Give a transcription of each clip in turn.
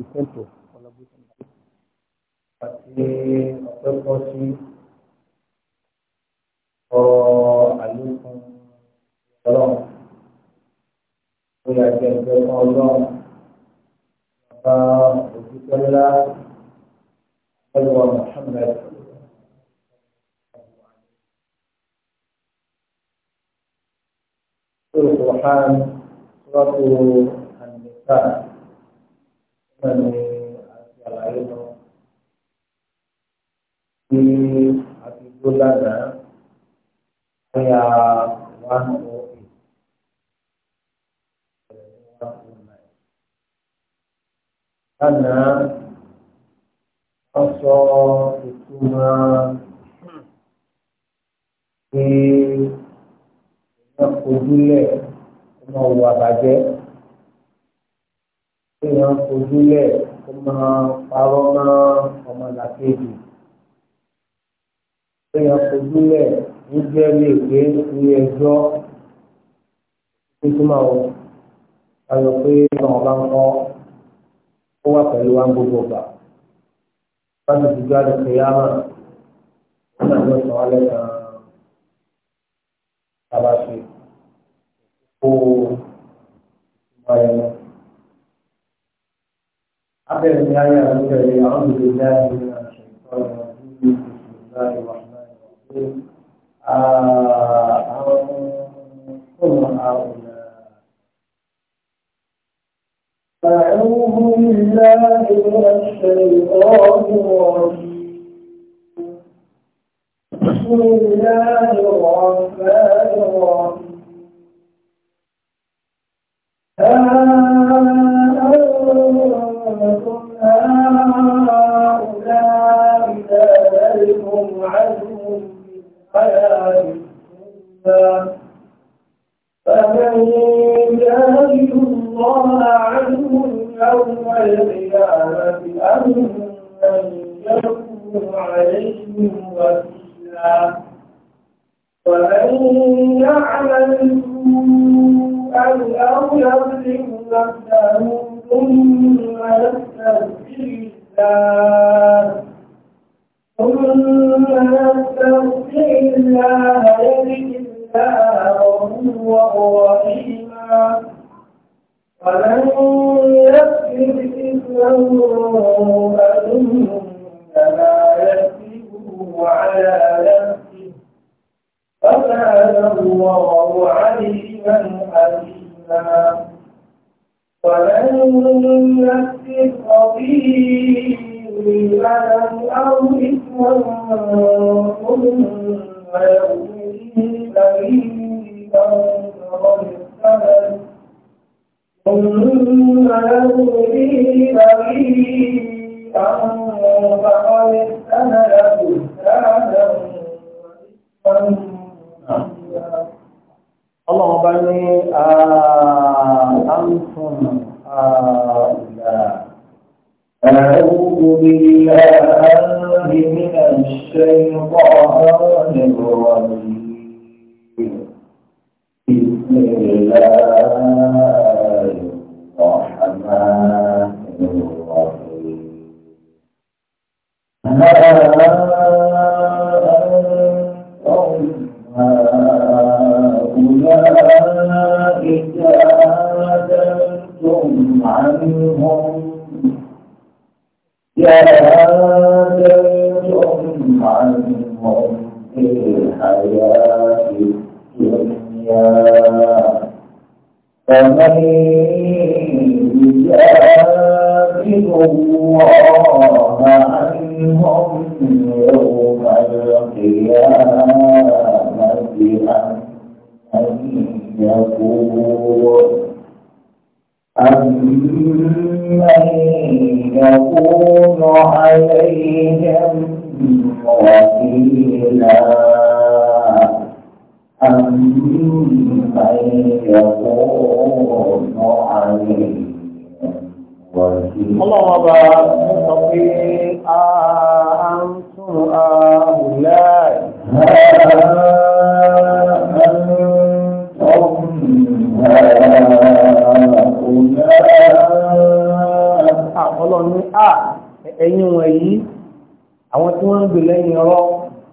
ìfẹ́ǹtò collaboration àti ọ̀pẹ́ pọ̀ sí ọ̀rọ̀ àlékún ọlọ́run ó yà jẹ́ ìjọ kan ọlọ́run bàbá òjijì ńlá ẹlùwà Muhammad. سبحان سورة النساء náà ni àti àlàyé lọ pé àti tó one four oh eight ẹ̀yà one four nine lánàá wọ́n sọ ìtumọ̀ pé ìyá ojúlẹ̀ ọmọ òwò àbàjẹ́ kí wọ́n fojú lẹ̀ kó máa parọ́ mọ́ ọmọlàkejì kí wọ́n fojú lẹ̀ níjẹ́ lè gbé ilé ẹjọ́ títí máa wọ ayọ̀ pé àwọn bá ń kọ́ ó wà pẹ̀lú wa gbogbo ọ̀gbà láti fi jáde pé á mà nígbà tó sàn án lẹ́sàn án tàbá ṣe kó máa yẹn lọ. حبل الآية التي أعوذ بالله من الشيطان الرجيم بسم الله الرحمن الرحيم أنصر هؤلاء أعوذ بالله من الشيطان الرجيم بسم الله الرحمن الرحيم عنهم في الحياة الدنيا فمن الله عنهم يوم القيامة أم من يكون عليهم وكيلا ومن يعمل أو يظلم نفسه ثم يستغفر الله ثم نستغفر الله يجد الله وهو رحيما ومن يكفر إثمه فإنما يكفره على نفسه فكان الله عليما حكيما ومن يكفر خطيئا إيمانا أو إثما ظلما ويغفر فريقا وقد اهتدت ثم يغفر فريقا فقد اهتدت بهتانا وإثما الله بني أنتم هؤلاء بالله من الشيطان الرجيم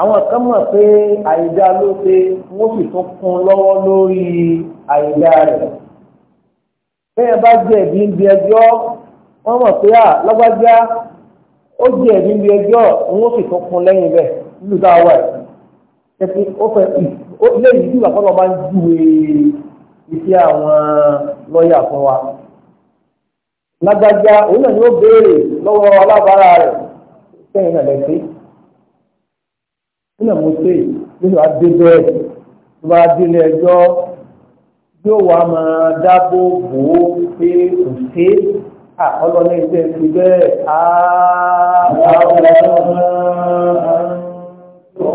àwọn kan mọ̀ pé àìdá ló ṣe wọ́n sì tún kún lọ́wọ́ lórí àìdá rẹ̀ bẹ́ẹ̀ bá jẹ̀bi ń bí ẹjọ́ wọ́n mọ̀ pé à lọ́gbájá ó jẹ̀bi ń bí ẹjọ́ wọ́n sì tún kún lẹ́yìn bẹ́ẹ̀ nílùú tá a wà yìí ẹ̀sìn ó fẹ́ lẹ́yìn ìdíwà kọ́ lọ́ọ́ ń júwe iṣẹ́ àwọn lọ́ọ̀yà fún wa lágbájá òun náà ni ó béèrè lọ́wọ́ alábàárà rẹ̀ sẹ́yìn náà lẹ́sìn nílẹ̀ mo ṣe nígbà wá dé bẹ́ẹ̀ tó bá délé ẹjọ́ yóò wá máa dáàbò bò ó pé kò ṣe àkọ́lọ́ ní ti bẹ́ẹ̀ á àwọn ọmọ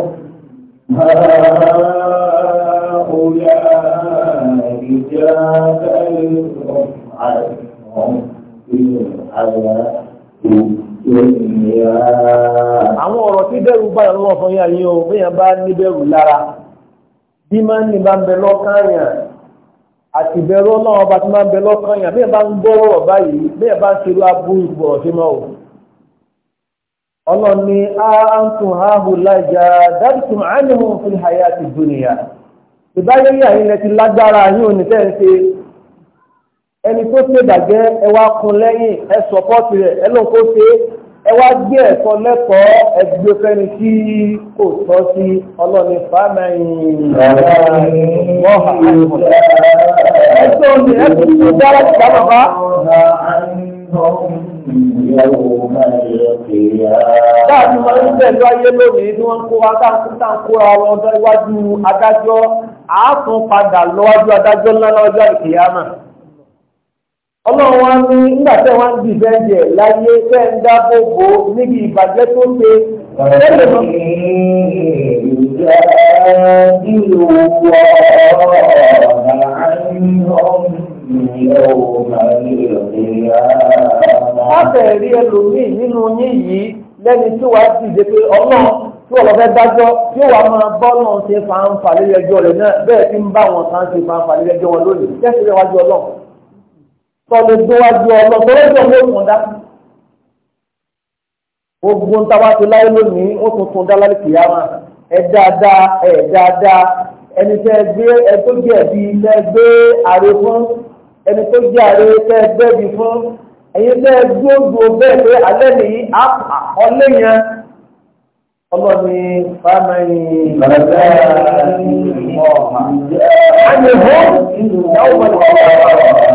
ọ̀yà ìjà bẹ́ẹ̀ ọ̀hún àìsàn àwọn ọ̀rọ̀ tí bẹ̀rù bá lọ́wọ́ fún yà yí o bẹ́yàn bá ní lára bí máa ń ní bá ń bẹ àti ti máa ń bẹ lọ́kànyàn bẹ́yàn bá ń gbọ́rọ̀ báyìí bẹ́yàn bá ń ṣerú aburú ni a ń tún háhù lájà dábìtùm ánìmù fil ìbáyé yà yín lẹ ti lágbára yín ò ní ṣe ẹni tó ṣe bàjẹ́ ẹ wá kun lẹ́yìn ẹ sọ̀pọ́tì rẹ̀ ẹ lóun kó ṣe ẹ wá gbé ẹ̀kọ́ lẹ́kọ̀ọ́ ẹgbẹ́ fẹ́ni tí kò tọ́ sí ọlọ́ni fámẹ́yìn ni ẹ ti Láàbí wọn ń tẹ̀lé ayé lónìí ni wọ́n ń kó akáńtà ń kóra wọn lọ́jọ́ iwájú adájọ́, àátún padà lọ́wájú adájọ́ ńlá lọ́jọ́ ìkìyàmà ọlọ́run wa ní nígbà tẹ́ wọ́n ń di ìbẹ́ǹdì láyé tẹ́ ń dáàbò bò níbi ìbàjẹ́ tó ṣe tẹ́lẹ̀ mọ́. Lábẹ̀ rí ẹlòmíì nínú yín yìí lẹ́ni tí wàá dìde pé ọlọ́run tí wọ́n dájọ́ tí wàá máa bọ́ náà ṣe fàǹfà lórí ẹjọ́ rẹ̀ náà bẹ́ẹ̀ tí ń bá wọn kan ṣe fàǹfà lórí ẹjọ́ wọn lónìí. Jẹ́sí lẹ́wájú ọlọ́run tọ́lú gbéwájú ọlọ́ tó lọ́jọ́ ló kùn dá. Ogun táwa ti láyé lónìí, ó tún tún dá lálẹ́ kìyàmá. Ẹ dáadáa, ẹ dáadáa. Ẹni tẹ́ ẹ gbé ẹ tó jẹ́ ẹ̀bí tẹ́ gbé ààrẹ fún. Ẹni tó jẹ́ ààrẹ tẹ́ ẹ gbẹ́bí fún. Ẹ̀yin tẹ́ ẹ gbóògbó bẹ́ẹ̀ pé alẹ́ nìyí, ọlẹ́yìn ọlọ́ni fámẹ́yìn bàbá àyẹ̀wò ìyàwó ọlọ́run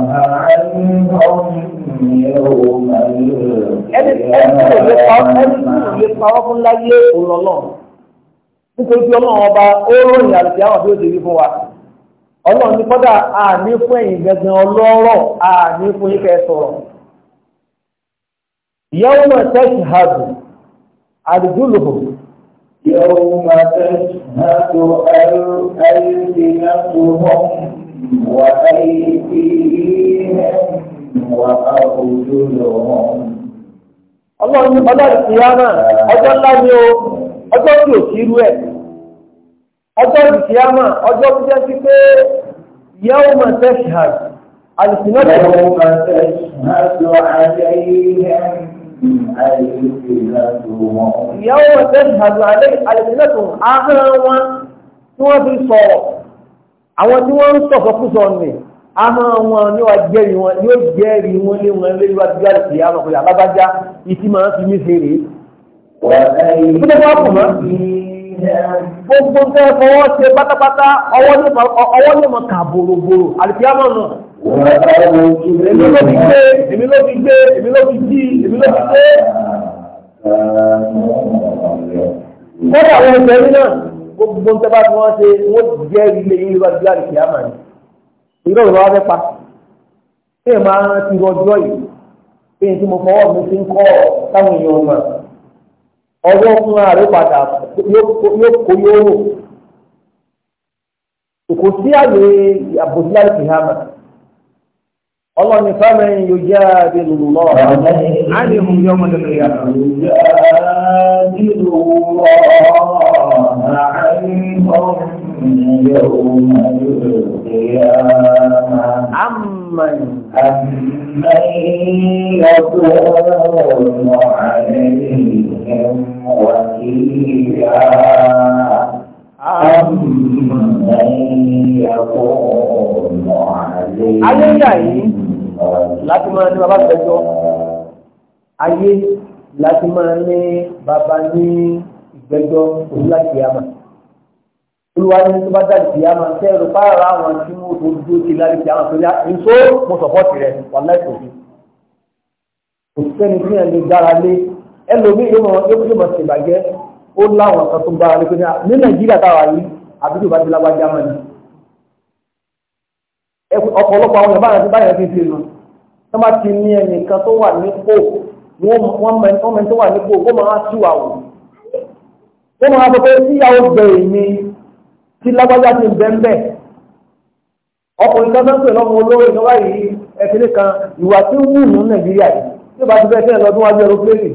ọba ní kọ́dà àní fún ẹ̀yìn gẹ̀gẹ̀ ọlọ́rọ̀ àní fún ìfẹ́ sọ̀rọ̀ ìyàwó náà tẹ́sì hàbù àdìjúlùhùn يوم تشهد ألسنتهم وأيديهم وأرجلهم ọlọ́run ọlọ́run ìkìyàmà ọjọ́ ńlá ni o ọjọ́ tí ò sí ẹ̀ ọjọ́ ọjọ́ jẹ́ sí pé yẹ́wò ìyàwó ẹ̀sẹ̀ ìhàdù alẹ́ àlẹ́sẹ̀lẹ́tùn ahọ́n wọn tí wọ́n fi sọ̀rọ̀ àwọn tí wọ́n ń sọ̀fọ́ fún sọ ní ahọ́n wọn ni wọ́n jẹ́rìí wọn yóò jẹ́rìí wọn lé wọn lé wá bí àlùkò yà lọ́kọ̀ yà ìtì máa fi mí ṣe rèé. Ìpínlẹ̀ fẹ́ fọwọ́ ṣe pátápátá ọwọ́ ní mọ̀ kà bòròbòrò àlùkò yà Èmi ló ti gbé, èmi ló ti gbé, èmi ló ti jí, èmi ló ti gbé. Kọ́dà àwọn ẹgbẹ́ yín náà, gbogbo ń tẹ́bá tí wọ́n ṣe, wọ́n jẹ́ ilé yín lọ́dún bí àdìsí àmà ni. Ìrọ̀ ìrọ̀ wá fẹ́ pa. Ṣé ẹ máa rántí ọjọ́ yìí? Ṣé tí mo fọwọ́ mi ti ń kọ́ táwọn èèyàn mọ̀? Ọwọ́ fún ààrẹ padà yóò kó yóò rò. Kò sí àyè àbòsí àdìsí àmà. Allah ni fáwọn yóò jẹ́ àbílùmọ́ àníhùn yóò mọ̀ lórí àpá. Amman Amman yakunu alayhim wakila Amman yakunu alayhim láti máa ní bàbá ìgbẹ́jọ́ ayé láti máa ní bàbá ní ìgbẹ́jọ́ òwúlà kìámà olúwa ní tó bá dájú kìámà sẹ́ẹ̀rù pààrọ̀ àwọn tí wọ́n tó dúró ti lárí kìámà tó yá nso mo sọ̀pọ̀tì rẹ̀ wà láìpẹ́ òfin kò sẹ́ni tí yẹn lè dára lé ẹlòmíì yóò mọ̀ yóò mọ̀ ṣèbàjẹ́ ó láwọn kan tó ń bára lé ní nàìjíríà táwa yìí àbí bá ti lágbájá mọ́ ni ọ̀pọ̀lọpọ̀ àwọn ìbára ti báyẹn fi fi nù tó bá ti ní ẹnìkan tó wà nípò wọ́n mẹ́ni tó wà nípò ó máa tú àwò ó máa sọ pé síyàwó bẹ̀rẹ̀ mi tí lágbájá ti bẹ́ńbẹ́ ọkùnrin kan tó ń pè lọ́mọ olówó ìjọba yìí ẹ̀kẹ́lẹ́ kan ìwà tí ó wù ní nàìjíríà yìí tí ó bá ti fẹ́ tẹ́lẹ̀ lọ́dún wájú ẹrọ́pẹ́lì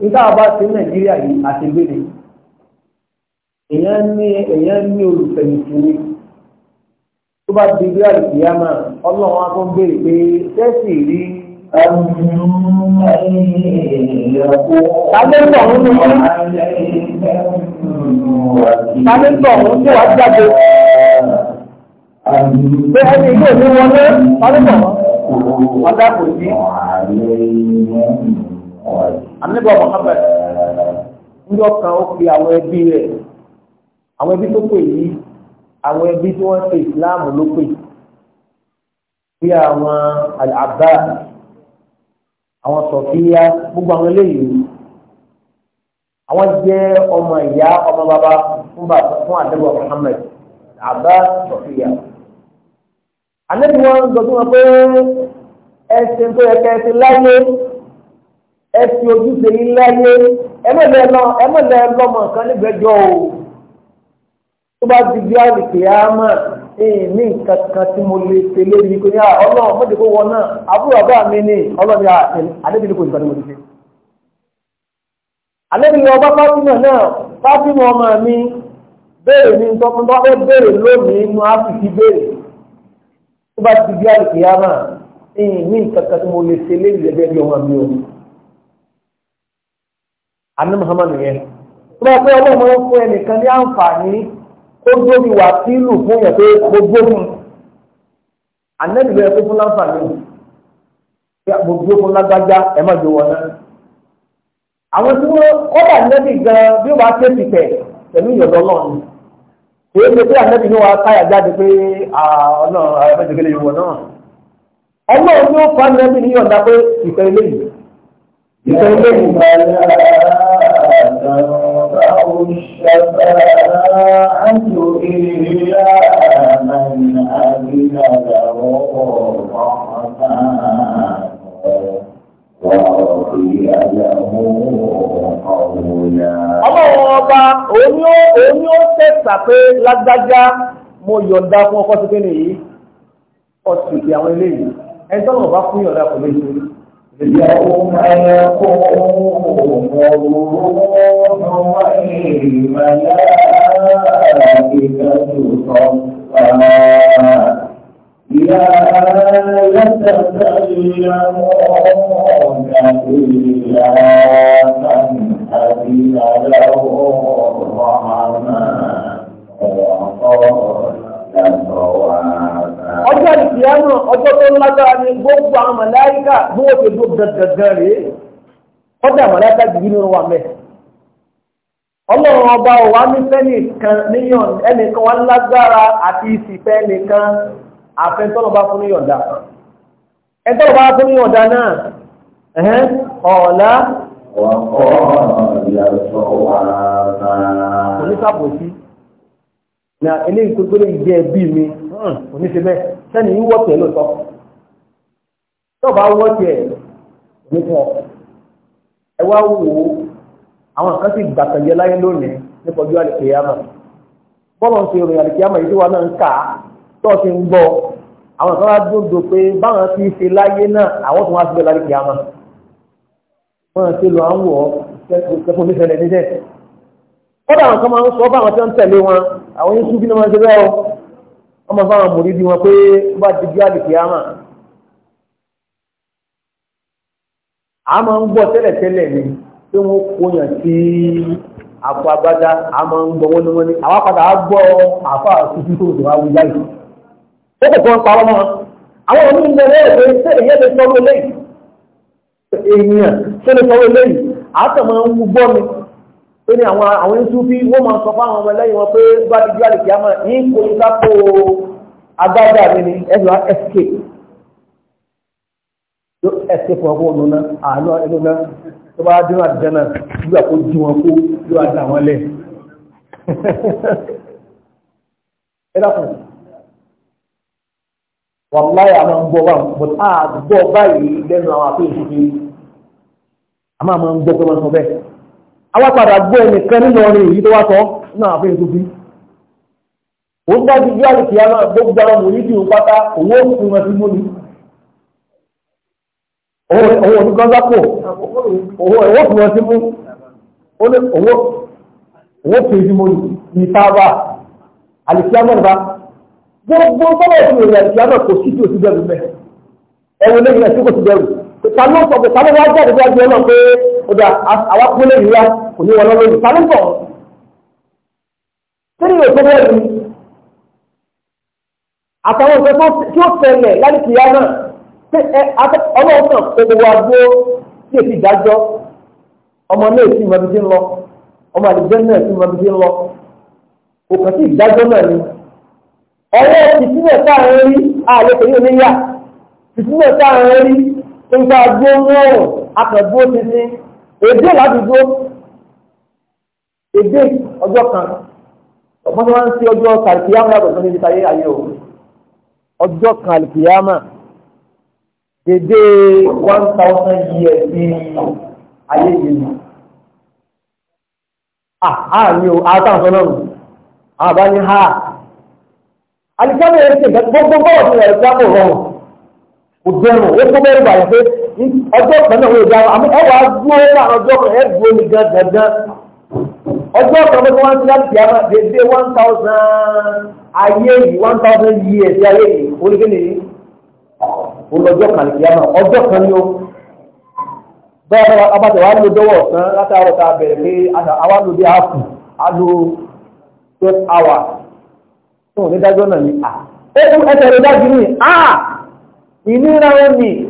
nígbà bá ti nàìjíríà yìí àti gbére èèyàn ní olùfẹ̀yìntì ni tó bá di ilé àlùkìyàmà ọlọ́run akọ́ ń béèrè pé tẹ́sì rí. Tálẹ́tọ̀ ń mú wọn. Tálẹ́tọ̀ ń tó wá jáde. Pé ẹni ilé ìlú wọn lé tálẹ́tọ̀ wọn. Ọ̀dà kò sí. Àníbọ̀ Mohammed ń yọ kan ó fi àwọn ẹbí rẹ̀ àwọn ẹbí tó pè yìí àwọn ẹbí tí wọ́n ṣe islam ló pè bí àwọn alaba àwọn sọfíà gbogbo àwọn eléyìí àwọn jẹ́ ọmọ ìyá ọmọ bàbá fún bàbá fún àdébọ Muhammad àbá sọfíà àlejò wọn sọ fún wọn pé ẹsìn tó yẹ kẹsìn láyé ẹsìn ojúṣe yìí láyé ẹmọlẹ lọmọ nǹkan nígbẹjọ o tó bá di bí àlèkè á mọ̀ ní nǹkan kan tí mo lè ṣe lórí yìí kò ní ọlọ́run mọ́tò kó wọ náà àbúrò bá mi ní ọlọ́run yà àdébìlì kò nìkan ni mo ti ṣe. àlébìlì ọba fásimọ̀ náà fásimọ̀ ọmọ mi béèrè ní tọkùn tó fẹ́ béèrè lónìí inú áfíìsì béèrè tó bá di bí àlèkè á mọ̀ ní nǹkan kan tí mo lè ṣe lórí ẹgbẹ́ bí ọmọ mi o. àná muhammadu yẹn tó bá pẹ́ ọlọ́run fún ẹnìkan ní ó dóbi wà sílù fún yẹn pé mo gbógun ànẹ́bí ló yẹ kó fún láǹfààní mo gbógun lágbájá ẹ má jọ wọn náà àwọn tí wọn kọ́dà ànẹ́bí gan bí wàá ké ti tẹ̀ pẹ̀lú ìyọ̀dọ̀ náà ni èyí ṣe pé ànẹ́bí ni wàá káyà jáde pé ọ̀nà ẹ̀fẹ̀dẹ̀gẹ̀lẹ̀ yòówọ̀ náà ọlọ́run ni ó kọ́ ànẹ́bí ní yọ̀ǹda pé ìfẹ́ ilé yìí ìfẹ́ ilé yìí. إلا من أذن له الرحمن Ọlọ́run ọba oní ó tẹ́sà pé lágbájá mo yọ̀ǹda fún ọkọ́ sí pé nìyí, ọ̀sìnkì àwọn eléyìí, ẹni tọ́lọ̀ bá fún yọ̀ǹda kò lè ṣe rí. يوم يقوم الروح والملائكة صفا يا يتكلمون إلا من أذن له الرحمن وقال ọjọ́ ìkìyàmọ̀ ọjọ́ tó lágbára ní gbogbo àwọn màláíkà bí wọ́n ti dó gẹ̀gẹ̀gẹ̀ rèé ọjà wa mẹ́ ọlọ́run ọba ò nífẹ́ nìkan níyàn ẹnìkan wá lágbára àti ìsìfẹ́ nìkan fún fún náà ẹ̀hẹ́n wọ́n kọ́ ọ̀rọ̀ wà na eléyìí tó gbélé ìjẹ́ ẹbí mi oníṣẹ́ bẹ́ẹ̀ sẹ́ni yíwọ́ tẹ̀ lóòótọ́ tó bá wọ́ tẹ̀ nípa ẹ wá wò ó àwọn kan sì gbàtànjẹ láyé lónìí nípa ojú àlìkèyàmà bọ́ọ̀lù ń ṣe ìròyìn àlìkèyàmà yìí tí wọ́n náà ń kà á tó ti ń gbọ́ àwọn kan wá dúdú pé báwọn ti ṣe láyé náà àwọn tó wá síbẹ̀ lálìkèyàmà wọ́n ti lọ àwọn wọ̀ ọ́ kódà àwọn kan máa ń sọ fáwọn tí wọ́n tẹ̀lé wọn àwọn yín súnbí wọ́n ṣe bẹ́ẹ̀ o wọ́n máa fáwọn mòrí bí wọn pé wọ́n bá ti gbé àdìkì àmà a máa ń gbọ́ tẹ́lẹ̀tẹ́lẹ̀ ni pé wọ́n kóyàn sí àpò agbádá a máa ń gbọ́ wọ́n ní wọ́n ní àwọn padà á gbọ́ àfa tuntun tó tó wá wí ó kò kọ́ parọ́ mọ́ àwọn ọmọ ìgbẹ́ lẹ́yìn pé sẹ́yìn ó ní àwọn àwọn ìtúfí wọ́n máa sọ fáwọn ọmọ lẹ́yìn wọn pé bá ti gbé àlèkè àmọ́ ní kò ní sápò agbádá mi ní ẹ̀rọ escape tó escape wọn fún ọdún náà àánú ẹnu náà tó bá dínú àtijọ́ náà nígbà kó jí wọn kó ló wá dà wọn lẹ̀ ẹ dákun wàláyà a máa ń gbọ́ wọn but a gbọ́ báyìí lẹ́nu àwọn àfihàn ìṣòfin a máa máa ń gbọ́ pé wọ́n sọ bẹ́ẹ̀. awapada gbọ́ ẹnìkan nínú ọ̀rìn èyí tó wá sọ náà fẹ́ tó bí ó ń dájú bí àlùkì àmà gbogbo àwọn onídìí òun pátá owó òkú wọn sí múni owó òní kan sápò owó wọn mú ó ní owó ní sábà àmà nípa gbogbo sọ́wọ́ ìrìn àmà kò sí tí o ti bẹ̀rù ẹ̀wọ̀n lẹ́yìn ẹ̀sìn kò ti ọdọ àwọn akúlẹ̀ ìyá kò ní wọn lọ́wọ́ ìlú sálẹ́ńtọ̀ sínú òkú bẹ́ẹ̀ ni àtàwọn nǹkan tí ó tẹ̀lẹ̀ láìpẹ́ ìyá náà ọlọ́run náà kó gbogbo agbó tí èsì ìdájọ́ ọmọ náà èsì ìmọ̀ bíi lọ ọmọ àdìjẹ́ náà èsì ìmọ̀ bíi ti ń lọ sí ìdájọ́ náà ni ọwọ́ ìsílẹ̀ táwọn rí ààrẹ pẹ̀lú oníyà ìsílẹ̀ táwọn rí nǹkan agbó mú ọ̀rùn akàgbó títí èdè ládùúgbò èdè ọjọ́ kan ọmọ tí wọ́n ń ṣe ọjọ́ kàlùkìyàmà yàtọ̀ sí níbi táyé ayé o ọjọ́ kàlùkìyàmà èdè one thousand years ní ayé yìí àmì o àtàwọn náà àbá ní ha alìkámẹ́ ẹ̀ṣẹ̀ gbogbo bọ́ọ̀dù ẹ̀ṣẹ̀ àpò rọrùn kò dẹrùn ó kó bẹ́rù bàyẹ̀ pé ọjọ́ kan náà wọ́n yóò dára àmọ́ ẹ wàá dúró láàrin ọjọ́ kan ẹ dúró ní gangan ọjọ́ kan tó wọ́n ti láti yá dédé one thousand ayé yìí one thousand years ayé yìí oníkéde yìí olùjọ́ kan lè yá ọjọ́ kan ni ó bẹ́ẹ̀ abájọ wa ló dọ́wọ́ ọ̀sán látàárọ̀ ta bẹ̀rẹ̀ pé àwa ló dé àpù á lo twelve hours fún onídájọ́ náà ni à. ó kú ẹsẹ̀ rẹ̀ dájú ni à ìnira wọn ni.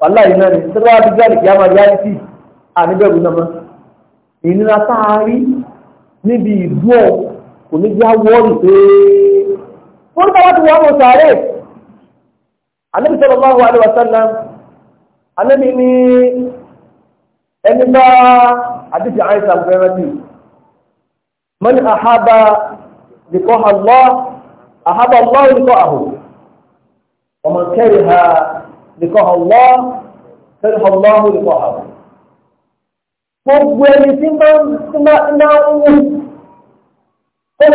wàhálà yìí náà ni tí wọ́n á ti jáde kí á máa yáyí sí àníbẹ̀rù náà mọ́ ìnira tá a rí níbi ìdú ọ̀ kò ní já wọ́ọ̀rì pé wọ́n tọ́wọ́ ti wọ́n mọ̀ sàárè alẹ́bí sallallahu alaihi wasallam alẹ́bí ní ẹni bá àdìsí àìsà fẹ́rẹ́tì mọ́ni àhábà liqa'a Allah àhábà Allah liqa'ahu ọmọ kẹrì ha lìkọ́ ọ̀lọ́ fẹ́rẹ̀ ọ̀lọ́ lìkọ́ ọ̀lọ́. Gbogbo ẹni tí máa ń wù fóun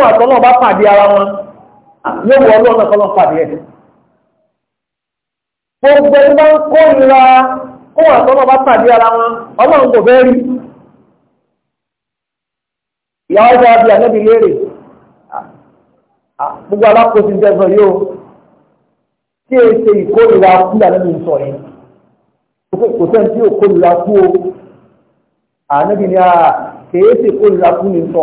àtọ́nà bá pàdé ara wọn yóò wọ ọlọ́run àtọ́nà pàdé ẹ̀. Gbogbo ẹni ń kó ìlà bá pàdé ara wọn ọlọ́run kò fẹ́ rí. léèrè. Ah, ah, gbogbo alákòóso yóò. tí e ṣe ìkórìíra kú ànábì ń sọ yẹn kò sẹ́ni tí ò kórìíra kú o ànábì ni a kèé ṣe ìkórìíra kú ní sọ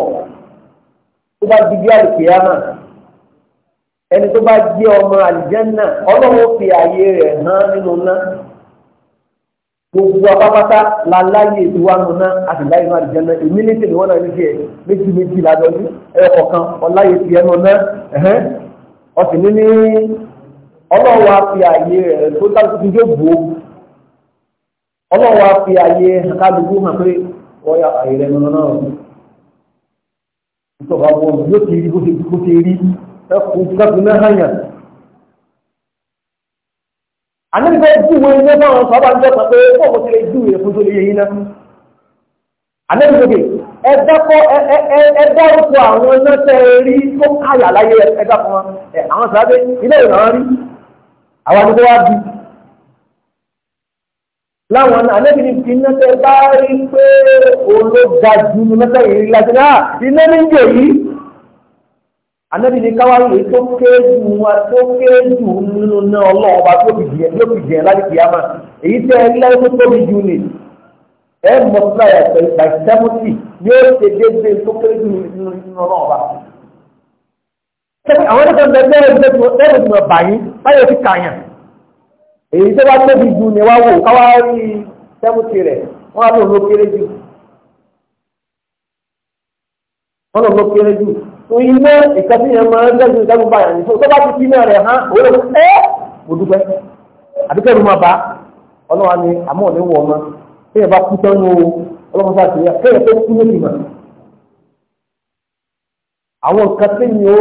tó bá di bí àlùkìyà náà ẹni tó bá jẹ́ ọmọ àlìjẹ́nà ọlọ́run fi ààyè rẹ̀ hàn nínú náà gbogbo apapata lalaye ìwánu náà àti láyé náà àlìjẹ́nà èmi ní tèmi wọ́n náà ní tiẹ̀ méjì méjì lájọ́ ní ẹ̀kọ̀kan ọláyé tiẹ̀ nù náà ọ̀sìn ní ní ọlọ́run wa fi àyè rẹ̀ tó dájú yóò bò ó ọlọ́run wa fi àyè kálukú hàn pé wọ́n yà àyè rẹ̀ nínú náà ìtọ́ka wọn yóò ti rí bó ti rí ẹkùn kẹ́kùn náà hàn yàn. àníbẹ̀ júwe ilé náà sábà ń dẹ́kun pé fóònù ti lè júwe fún tó lè yẹ yín náà. àníbẹ̀ jòkè ẹ̀dákọ́ ẹ̀dárúkọ àwọn náà rí tó káyà láyé ẹ̀dákọ́ wọn àwọn sábẹ́ ilé ìrànlọ́rí àwọn àti tó wá bí láwọn àlẹ́bí ni fi iná tẹ bá rí pé ológa jù ní mẹ́ta yìí láti náà ah, iná ní jẹ yìí àlẹ́bí ni káwá yìí tó kéjù wa tó kéjù nínú náà ọlọ́ọ̀ba tó fi jẹ tó fi jẹ láti kìí àmà èyí tẹ ẹ láyé tó tóbi jù ni ẹ mọ̀ síláyà pẹ̀lú by seventy yóò ṣe déédéé tó kéjù nínú ọlọ́ọ̀ba àwọn ẹ̀kọ́ ń bẹ bẹ́ẹ̀ ní ẹ̀rọ ìgbìmọ̀ báyìí báyọ̀ ti kàyàn èyí tó bá tóbi jù ní wá wò káwá rí sẹ́mùtì rẹ̀ wọ́n á lò ló kéré jù wọ́n lò ló kéré jù oyin mọ́ ìkàtí yẹn máa ń lẹ́sìn ìdájú báyà ní tó bá ti kí náà rẹ̀ hán òun ló ẹ́ mo dúpẹ́ àbíkẹ́rù máa bá ọlọ́wà ni àmọ́ ò ní wọ̀ ọmọ kéèyàn bá kú sẹ́nu ọlọ́mọ àwọn nǹkan tí ni ó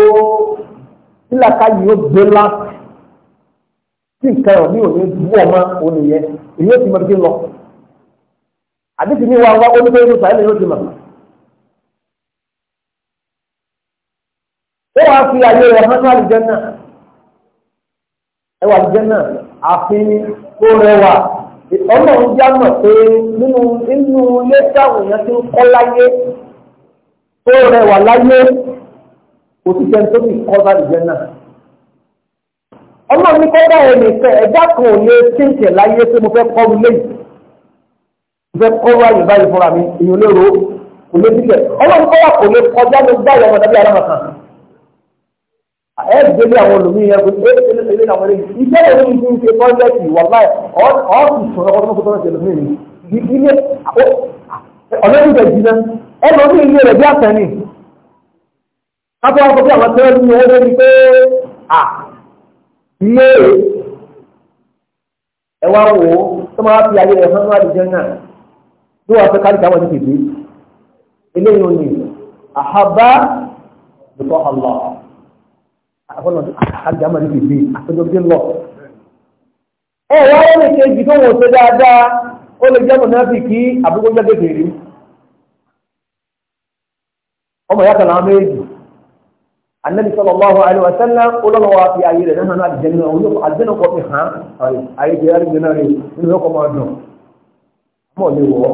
sílàkà yìí ó gbé ńlá tí nǹkan ẹ̀ ní òní bú ọmọ òní yẹn èyí ó ti mọ̀ bí lọ. àdìsí ní wa wá oníkó inú sàílẹ̀ yóò ti mọ̀. ó wàá fi ayé rẹ̀ hánú àlùjánnà ẹwà àlùjánnà àfi tó rẹwà ọlọ́run já mọ̀ pé nínú inú ilé táwọn èèyàn ti ń kọ́ láyé tó rẹwà láyé kò sí sẹ́ni tó ti kọ́ba ìjẹ́ náà. ọlọ́run ní kọ́ba ẹ̀ nìkan ẹ̀dá kan ò lè tíǹkẹ̀ láyé pé mo fẹ́ kọ́ru léyìí mo fẹ́ kọ́ru àyè báyìí fúnra mi èyí olóró kò lè tíǹkẹ̀ ọlọ́run kọ́ba kò lè kọjá ló gbá ìyàwó tàbí àlọ́ kan. ẹ gbélé àwọn olùmíyẹ kò ní ẹ ẹ lé àwọn eléyìí iṣẹ́ ìwé mi ti ń ṣe pọ́ńdẹ́ẹ̀tì wà láì ọ̀ọ́sì sọ̀rọ̀ ọ̀ọ́sì sọ̀rọ̀ ọ̀ọ́sì kápọ̀ wọn kò bí àwọn tẹ́lẹ̀ ní owó lórí pé à ilé ẹwà wo tó máa fi ayé rẹ̀ dị ní àdìjẹ́ náà ní wọ́n fẹ́ kárí káwọn ti tètè eléyìí ò ní àhábá bìkọ́ ọlọ́ àfọlọ́ àkárí káwọn ti tètè àtọ́jọ́ bí lọ. ẹ wá ó lè tó wọ́n ṣe dáadáa ó lè jẹ́ àbúkọ́ jẹ́ kékeré ọmọ anabi sallallahu alayhi wa sallam olóńgbò wa fi ayé rẹ̀ náà hàn àlìjẹ́nà òun yóò àlìjẹ́nà kọ́ fi hàn ayé jẹ́ àlìjẹ́nà rẹ̀ nínú yóò kọ́ máa dùn mọ̀ lè wọ̀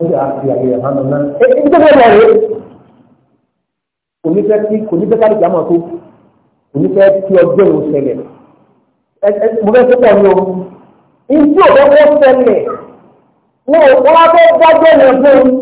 ó yà á fi ayé rẹ̀ hàn náà ẹ ẹ nígbà tó rẹ̀ kò ní fẹ́ kí kò ní fẹ́ káàdì jàmọ̀ tó kò ní fẹ́ kí ọjọ́ ìwò ṣẹlẹ̀ ẹ mo fẹ́ tó pọ̀ ní o ìdí òkè wọ́n ṣẹlẹ̀ wọ́n wá fẹ́ dájọ́ ìrìn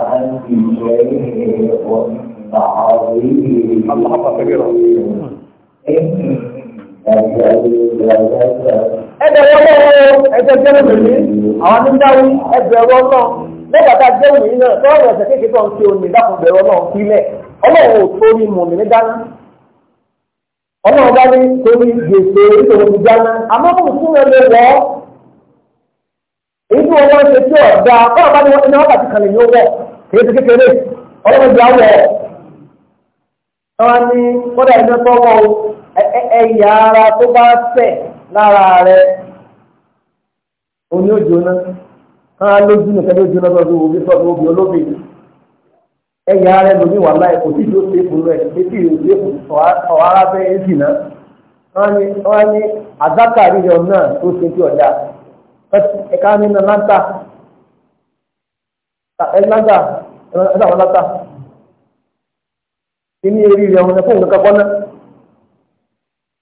شيء عظيم الله كبيرا Ẹgbẹ̀ ọlọ́run ẹgbẹ́ jẹ́rù mìí, àwọn ní dáwí ẹgbẹ̀rún ọlọ́run, lẹ́gbàtà jẹ́rù mìí náà tọ́rọ ẹ̀sẹ̀ kéèké tó ń ṣe omi dákùnbẹ̀rún ọlọ́run sílẹ̀, ọlọ́run ò torí mọ̀ mí èyí ti kékeré ọlọ́run ti àwọ̀ wọn ní kódà ẹni ẹ̀yà ara tó bá lára rẹ̀ oní òjò náà lójú nìkan lójú náà olóbì ẹ̀yà ara wà láì kò tí rẹ̀ létí èkó èsì náà ní náà tó ṣe tí ẹ̀ka nínú ẹ̀lága ẹ̀lága àwọn aláta kíní eré rẹ̀ wọn fún nǹkan kọ́ná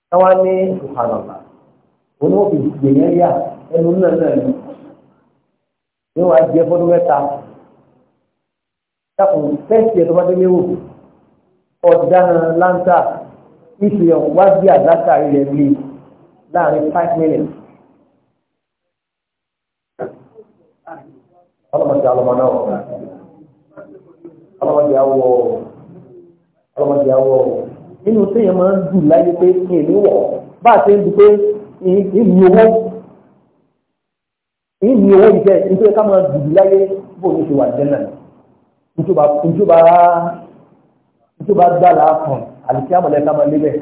táwa ní ìfàlọ́lá òun ó fi gbèyàn yá ẹnu náà náà ni ní wọn á jẹ fọdún mẹ́ta dákun fẹ́ǹsì ẹ̀ tó bá délé wò ọ̀daràn láńtà ìfìyàn wá àdáta ilẹ̀ bíi láàrin five minutes. ọlọ́mọdé alọ́mọ náà ọlọ́mọdé awọ ọlọ́mọdé awọ nínú téèyàn máa ń dùn láyé pé kí èmi wọ̀ bá a ṣe ń du pé ìmì owó ìmì owó ìfẹ́ nítorí ká máa dùn láyé bó ní ṣe wà jẹ́ náà nítorí bá gbà láàfọ̀n àlùkí àmọ̀lẹ́ ká máa lébẹ̀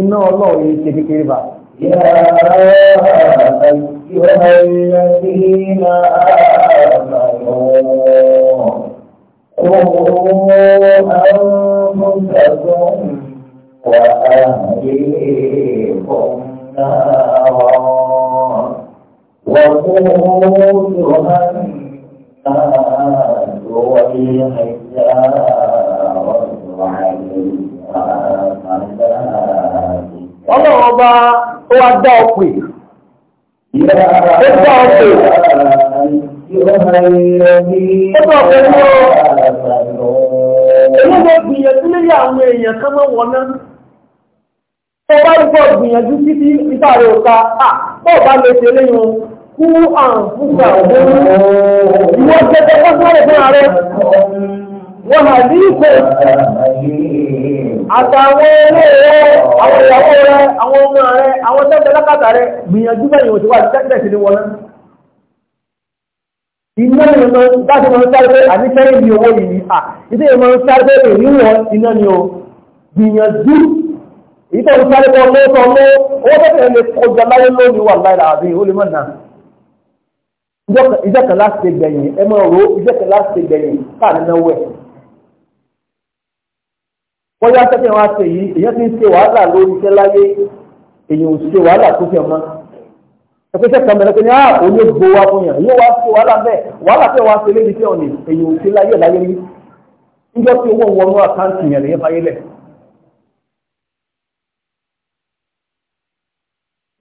iná ọlọ́run yìí ṣe kékeré bá. أيها الذين آمنوا قوا أنفسكم وأهليكم نارا وقودها الناس والحجارة عليها ملائكة. ọlọ́run ọba ó wá dá ọ̀pẹ̀ Ẹgbẹ́ ọ̀pẹ̀. Ẹgbẹ́ ọ̀pẹ̀ ní ọ́. Èyí ló gbìyànjú lórí àwọn èèyàn kan mọ́ wọ̀ná. Tó bá ń bọ̀ gbìyànjú títí ìta rẹ̀ òka, à, bá lè ṣe léyìn Kú àǹfùkà òun. Ìwọ́n jẹ́ wọ́n hà ní ìkò àtàwọn ilé rẹ̀ àwọn ìyàwó rẹ̀ àwọn ọmọ rẹ̀ àwọn tẹ́tẹ́ lákàtà rẹ̀ gbìyànjú bẹ́yìn òṣèwà tẹ́tẹ́ sí ni wọ́n náà iná ni mo dáṣe mo sáré pé àní ní owó yìí à ìdí sáré iná ni gbìyànjú sáré ọmọ ọmọ owó bóyá sẹ́kẹ̀ wá ṣe yìí èyàn ti ń ṣe wàhálà lórí iṣẹ́ láyé èyàn ò ṣe wàhálà tó fẹ́ mọ́ ẹ̀fẹ́sẹ̀ kan mẹ́rin pé ní àá ah, òun yóò gbowó wá fún yàn yóò wá ṣe wàhálà bẹ́ẹ̀ wàhálà tẹ̀ wá ṣe lébi tí ọ̀nì èyàn ò ṣe láyé láyé rí níjọ́ tí owó wọnú àkáǹtì yẹn lèyẹn fáyé lẹ̀.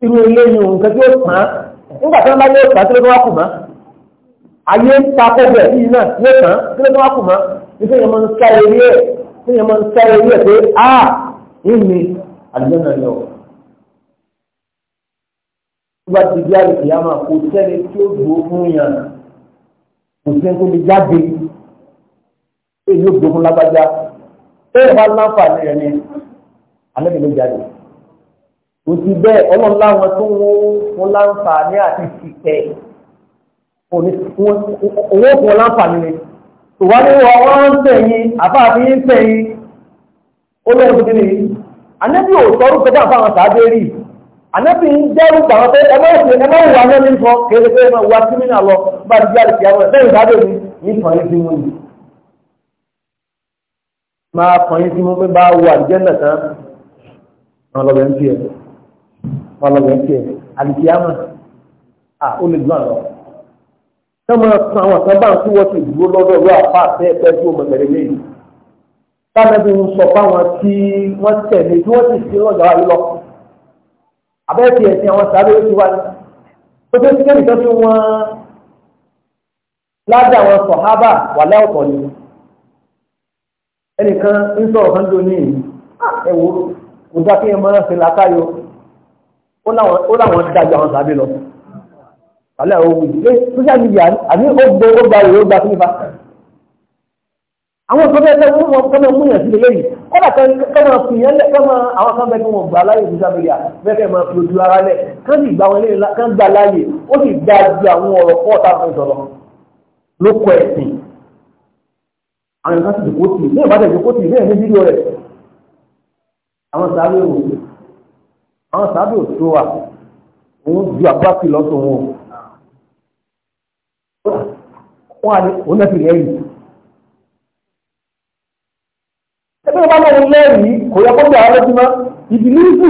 irú eléyìí nǹkan tí ó pàán nígbà tí wọ́n bá yóò pàán kí ló wá kù mọ́ ayé ń ta kó bẹ̀ yìí náà yóò pàán kí ló wá kù mọ́ nítorí wọn ń ká eré ẹ̀ tí yẹn máa ń sáré ní ẹ̀ pé a ìní àlùjọ́nà ni ọ̀. tó bá ti di àlùkò yá máa kó sẹ́ni tí ó dùn ó fún yàn kò sẹ́ni tó lè jáde èyí ó dùn fún lágbájá bẹ́ẹ̀ bá láǹfààní rẹ̀ ni alẹ́ mi ló jáde. kò sí bẹ́ẹ̀ ọlọ́run láwọn tó ń fún láǹfààní àti ìsìkẹ́ òun fún láǹfààní ni tòwá ní ọwọ́ ń tẹ̀yìn àfáàfin ń tẹ̀yìn ó lẹ́yìn tó kíni anẹ́bí ò sọ orúkọ bá àwọn sàábé rí anẹ́bí ń dẹ́rù pàrọ̀ pé ẹ máa ṣe ẹ máa wà lẹ́nu nǹkan kéde pé ẹ máa wà sí mínà lọ bá ti jáde sí àwọn ẹ̀fẹ́ ìdájọ́ mi ní ìtàn yìí sí mú yìí máa tó máa tan àwọn kan bá ń kú wọ́n ti dúró lọ́dọ̀ lọ́wọ́ àpá àtẹ́ ẹ̀pẹ́ tí ó mọ̀tẹ̀lẹ́ lẹ́yìn tánàbí ń sọ fáwọn tí wọ́n tẹ̀lé tí wọ́n sì sí lọ́jà wáyé lọ abẹ́ẹ̀tì ẹ̀sìn àwọn sáré ó ti wáyé ó tó ti kẹ́rì tó tún wọn lájà àwọn sọ̀hábà wà láòtọ̀ ni ẹnìkan ń sọ̀rọ̀ kan tó ní ẹ̀wò kò dá kí ẹ máa ń ṣe látàyò ó láwọn dájú àwọn sáré lọ wàhálà òwò ìdílé social media àbí ọgbọ ọgbà ìwé ọgbà fún ifá. àwọn ìfọwọ́fẹ́ ẹgbẹ́ wọn wọn kọ́mọ mú yàn sí lélẹ́yìn kọ́dà kọ́mọ fi yẹn lẹ kọ́mọ àwọn kan bẹ́ẹ̀ kí wọ́n gbà láyè social media bẹ́ẹ̀ kẹ́ máa fi ojú ara lẹ̀ kán sì gbà wọn lẹ́yìn kán gbà láyè ó sì gba ju àwọn ọ̀rọ̀ pọ̀ táwọn sọ̀rọ̀ ló kọ ẹ̀sìn. àwọn ìfọwọ́fẹ́ ti dòkó tì ní ìbàdàn ìdòkó tì ní ẹ̀mí fídíò rẹ̀ àwọn sábẹ́ òtó wa òun ju àpá sí lọ́sùn wọn wọ́n àti onáfi lẹ́yìn. ẹgbẹ́ bá lọ́wọ́ lẹ́yìn kò yẹ kó gbà á lọ́sí mọ́ ìdílísù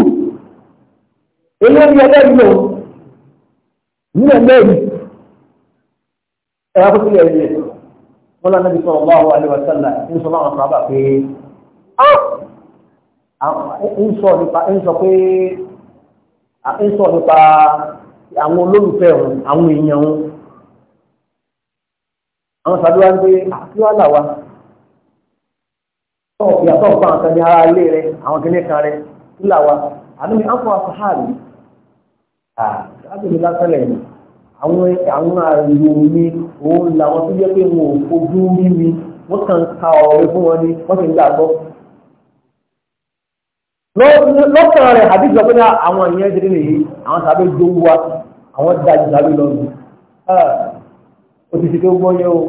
eléyìí ẹlẹ́yìn lò nílẹ̀ lẹ́yìn ẹ̀rọ kó sílẹ̀ yẹ wọ́n lọ́nà bí sọ̀rọ̀ bá wà lẹ́wọ̀ sẹ́lá ń sọ láwọn sábà pé ń sọ nípa ń sọ pé ń sọ nípa àwọn olólùfẹ́ àwọn èèyàn òun àwọn sàdúrà ń pé àtiwá là wa ìyàtọ̀ nǹkan àtàn ní ara ilé rẹ àwọn kìnìún kan rẹ tó là wa àmì ní àǹfọ̀ àfàhàrì àgbègbè lásán lẹ́yìn àwọn àwọn àrùn mi òun làwọn tó jẹ́ pé wọn ò fojú rí mi wọ́n kàn ka ọ̀rẹ́ fún wọn ni wọ́n sì ń gbàgbọ́ lọ́kàn rẹ̀ àbí ìjọba ní àwọn ìyẹn ti rí nìyí àwọn sàbẹ̀ gbowó wa àwọn dájú sàbẹ̀ lọ́nu ó ti fi tó gbọ́yẹ́ o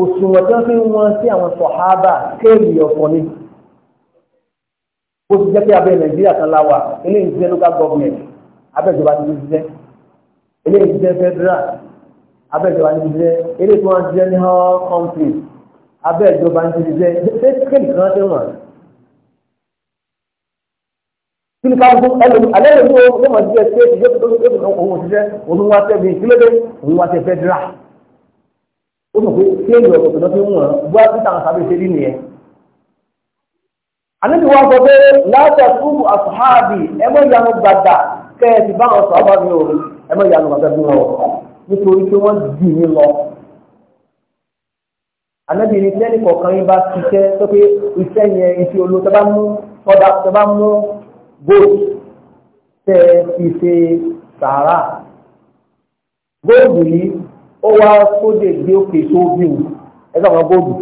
òṣùwọ̀n tí wọ́n fi wọ́n sí àwọn sọ̀hábà kéèlì ọ̀pọ̀ ni ó ti jẹ́ pé abẹ́ nàìjíríà kan láwà eléyìí jẹ́ local government abẹ́jọba ti jẹ́ eléyìí jẹ́ federal abẹ́jọba ti jẹ́ eléyìí tí wọ́n jẹ́ ní hall company abẹ́jọba ti jẹ́ ṣé kéèlì kan ṣe wọ̀n kí ni ká fún ẹlòmí àlẹ́lòmí o ló mọ̀ sí ẹ pé ìjọ tó tó tó òun òṣìṣẹ́ òun wá tẹ́ bí òun wá tẹ́ fẹ́dírà ó mọ̀ pé kí èyí ọ̀pọ̀ tó ti ń wọ̀n bó àti tàwọn sábẹ́ ṣe rí nìyẹn. àníbi wọn sọ pé láti ẹkúrú àfáàbì ẹmọ ìyanu gbàgbà kẹẹsì bá wọn sọ ọba mi ò ẹmọ ìyanu gbàgbà mi ò nítorí pé wọn jù mí lọ. àníbi ni tẹ́nì kọ̀ọ̀kan yín bá ṣiṣẹ́ tó pé iṣẹ́ yẹn iṣẹ́ olóòtú góòlù tẹ́ fi ṣe sàárà góòlù yìí ó wá sóde gbé òkè tó bí wù ẹgbẹ́ àwọn góòlù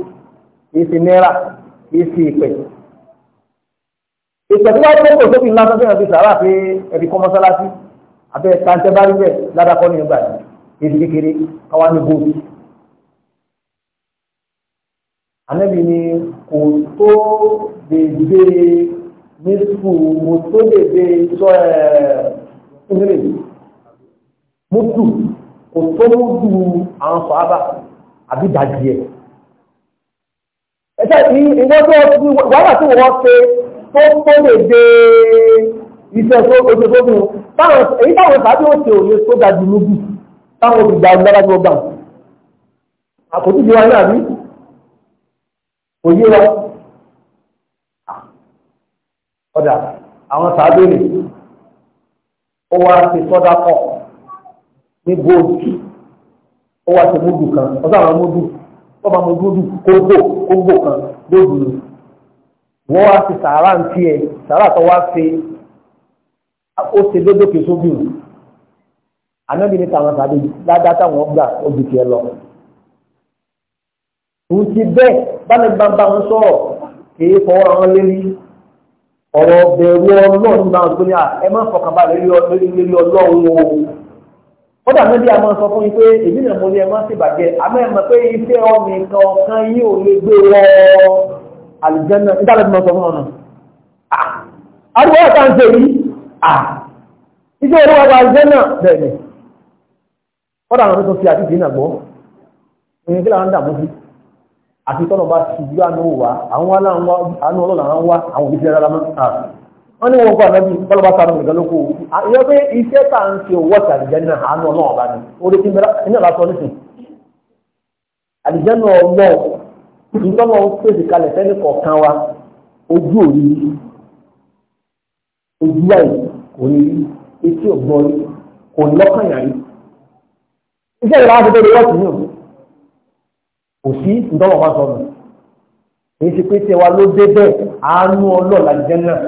kì í ṣe náírà kì í ṣe ìpẹ́ ìpẹ́ tó bá tó kò sókè ńlá sọ́sẹ́ ẹ̀fí sàárà pé ẹ̀fí kọ́ mọ́sálásí abẹ́ kàńtẹ́ bá rí bẹ́ẹ̀ ládàkọ́ ní ìgbà yìí èdè kékeré káwá ní góòlù anabi ni kò tó dèdè nísù mùsùlùmí sọ ẹ̀ẹ́dẹ́gbẹ̀rẹ̀ mùtù kò tó mùtù àwọn sọ̀hábà àbí dàjì ẹ̀. ẹ̀sẹ̀ ní ìwọ́n tó ti wàhálà tí wọ́n ṣe tó tó lè dé iṣẹ́ tó oṣù tó dùn táwọn èyí táwọn ìfàdí ó ṣe òye tó ga jù lóbi táwọn ti gba ọgbẹ́ lágbó gbà. àkójú wa náà rí òye wa ọ̀dà àwọn sàádọ́rì ó wá ti sọ́dá pọ̀ ní góòtù ó wá ti múdù kan ọ̀dà àwọn múdù tó bá múdù kóńgò kóńgò kan lóògùn ni wọ́n wá ti sàárà ń tiẹ̀ sàárà tó wá fi ó ti lójókè sóbìrì ànábì ní tàwọn tàbí ládá táwọn gbà ojú tiẹ̀ lọ. Òun ti bẹ́ẹ̀ bá mi bá ń bá wọn sọ̀rọ̀ kì í fọwọ́ àwọn lérí ọ̀rọ̀ bẹ̀rù ọlọ́run náà tó ní à ẹ má fọkàn balẹ̀ lórí lórí ọlọ́run o ó dà mí bí a máa sọ fún yín pé èmi náà mo ní ẹ má sì bàjẹ́ àmọ́ ẹ mọ̀ pé iṣẹ́ ọmọ nǹkan ọ̀kan yìí ò lè gbé wọ àlùjànnà nígbà tó máa sọ fún ọ̀nà àdúgbò ọ̀tá ń ṣe yìí iṣẹ́ olówó ọba àlùjànnà bẹ́ẹ̀ ni ó dà mí tó fi àdìsí náà gbọ́ òyìnbí làwọn dààmú àti tọ́nà bá ti àánú wa àwọn nwa ọlọ́run àwọn wa àwọn òbí ti rárá mọ́ ah. wọ́n kọ́ ah, pé iṣẹ́ tá à ń ṣe owó àánú ọba ti mẹ́ra iná ọlọ́ ìtọ́nà pèsè kalẹ̀ fẹ́ni kọ̀ọ̀kan wa ojú òní ojú àyè kò ní etí kò ní lọ́kàn yàrá iṣẹ́ ìlànà kò sí ìdọ́wọ̀ wá sọnù èyí ti pé tiẹ̀ wa ló dé bẹ́ẹ̀ àánú ọlọ́ọ̀lá jẹ́ náà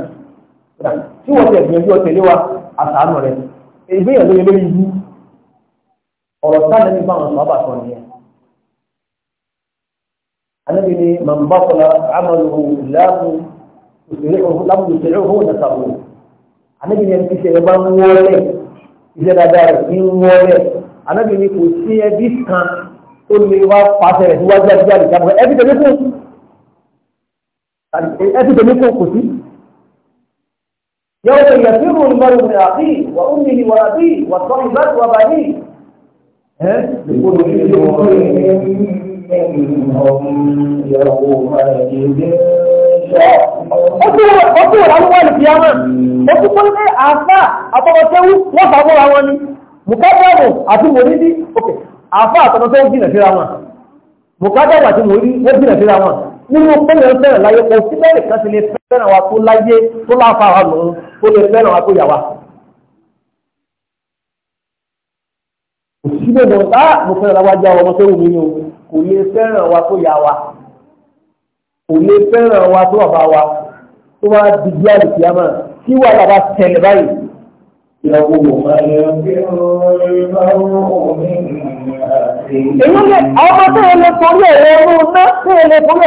tí wọ́n tẹ̀ gbìyànjú ọ̀tẹ̀lé wa àtàánú rẹ̀ ìgbéyàn ló yẹ lórí ibú ọ̀rọ̀ sáàlẹ̀ nípa àwọn sọ́ọ́bà sọ nìyẹn anábì ni màmú bá kọ́lá amọ̀lùkù láàmú ìṣẹ̀lẹ̀ òhún nàṣàbò anábì ni ẹni tí ìṣẹ̀lẹ̀ bá ń wọlé ìṣẹ̀lẹ̀ dáadáa rẹ̀ ń wọlé anábì ni kò sí ẹbí kan ó lè wá pàṣẹ rẹ̀ níwájú àdúgbò àdìgbà mọ́ ẹbí tẹ̀lé kù ẹbí tẹ̀lé kù kò sí. yọ̀wọ̀ ìyàtúrò ìmọ̀ràn ìrìn àbí wà ó mi ìwà àbí wà sọ ìgbà tó wà bá ní. ẹ Ọdún ọ̀rọ̀ wà ní Fiyama, ọdún kọ́ ní àfá àtọwọ́tẹ́wú wọ́n sàbọ̀ra wọn ni, Mùkábọ̀rù àti Mòrídí, okay àfá àtọ́nà tó jìnà síra wọn bùkátàgbà tí mo rí wọ́n jìnà síra wọn nínú pẹ́lẹ̀ fẹ́ràn láyé kò sí bẹ́ẹ̀ kan sì lè fẹ́ràn wa tó láyé tó láfa wa lòun tó lè fẹ́ràn wa tó yà wa. kò sí bẹ́ẹ̀ lọ bá mo fẹ́ràn láwa já ọmọ tó wù mí o kò lè fẹ́ràn wa tó yà wa kò lè fẹ́ràn wa tó bàbá wa tó wá dìgbì àlùkìyàmọ̀ kí wàhálà bá tẹ̀lé báyìí Èyí lè ọmọ tó yẹ lè torí ẹ̀rọ ọmọ ọmọ tó yẹ lè torí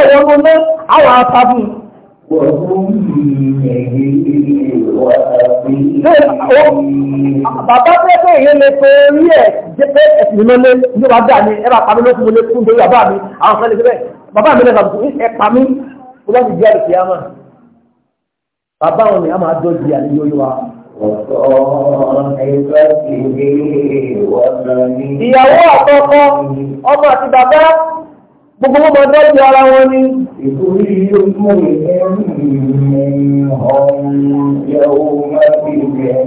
ẹ̀rọ ọmọ ọmọ àwọn àtàbù. Bàbá tó yẹ èyí lè torí ẹ̀ jẹ́ pé ẹ̀sìn lọ́lé ní wà dà ní ẹ̀rọ àpamí ló fún mi lé fún torí bàbá mi àwọn fẹ́lẹ̀ síbẹ̀. Bàbá mi lè bàbá ẹ̀ pamí ó bá ti jẹ́ àlùfíà mọ̀. Bàbá wọn Ìyàwó àkọ́kọ́, ọmọ àti bàbá, gbogbo ọmọ ọdọ́ ti ara wọn ni. Ìtorí ojú ìrìn ọ̀hún yàwó máa fi jẹ́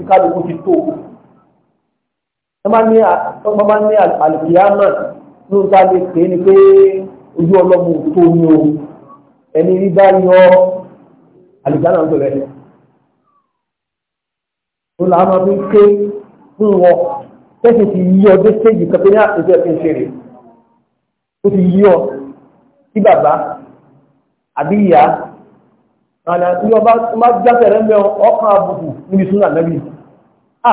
ìkàlùkù ti tó. Ọmọ máa ní àlùkìyámà ló ń tá lè pè é ni pé ojú ọlọ́mù tó ní ohun ẹni rí bá yọ àlùjáná ń bẹ̀rẹ̀ tó là á máa fi ké fún wọn tẹ́sí ti yí ọ dé séjì kẹfẹ́ ní àtẹ̀jẹ́ fi ń ṣe rè ó ti yí ọ sí bàbá àbí ìyá àná tí ọba máa jáfẹ́ rẹ̀ mẹ́ọ ọkàn àbùkù níbi súnà nẹ́bí à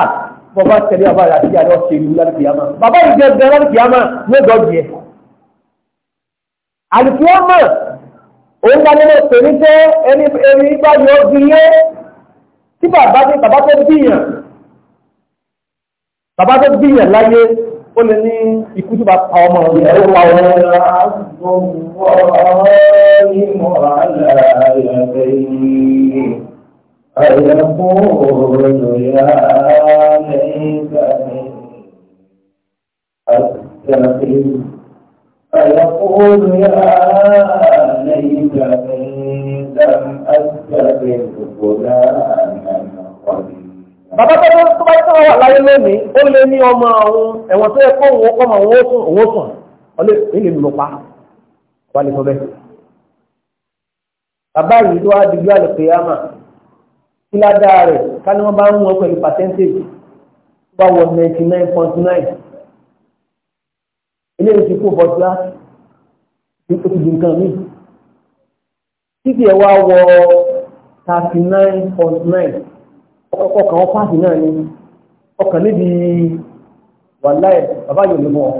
bọ́bá tẹ̀lé àbáyà àti àdó ṣe ìlú láti kìyàmá bàbá ìjẹ́ bẹ́ẹ̀ láti kìyàmá ló dọ̀jì ẹ̀ àdìsí wọn òun bá nínú pè ní pé ẹni ẹni bá ní ó bí yé tí bàbá tí bàbá tó bíyàn bàbá tó bíyàn láyé ó lè ní ikú tó bá pa ọmọ rẹ̀ ó pa ọmọ rẹ̀. أيقول يا عليك إن لم أستغفر فلانا Bàbá tó tó tó bá tó wà láyé lónìí, ó lé ní ọmọ ọ̀hún ẹ̀wọ̀n tó yẹ kó òun kọ́ mọ̀ òun sùn òun sùn, ó lè ilé mi ló pa, wà ní sọ bẹ́ẹ̀. Bàbá yìí di bí àlùkò yá mà, kí ládàá rẹ̀ ká ní wọ́n bá ń ilé ìsìnkú bọ́sílá tí ó nǹkan míì títí ẹ̀ wá wọ thirty nine point nine ọkàn wọn pààtì náà ni ọkàn níbi wàláì bàbá yóò lè mọ ọ.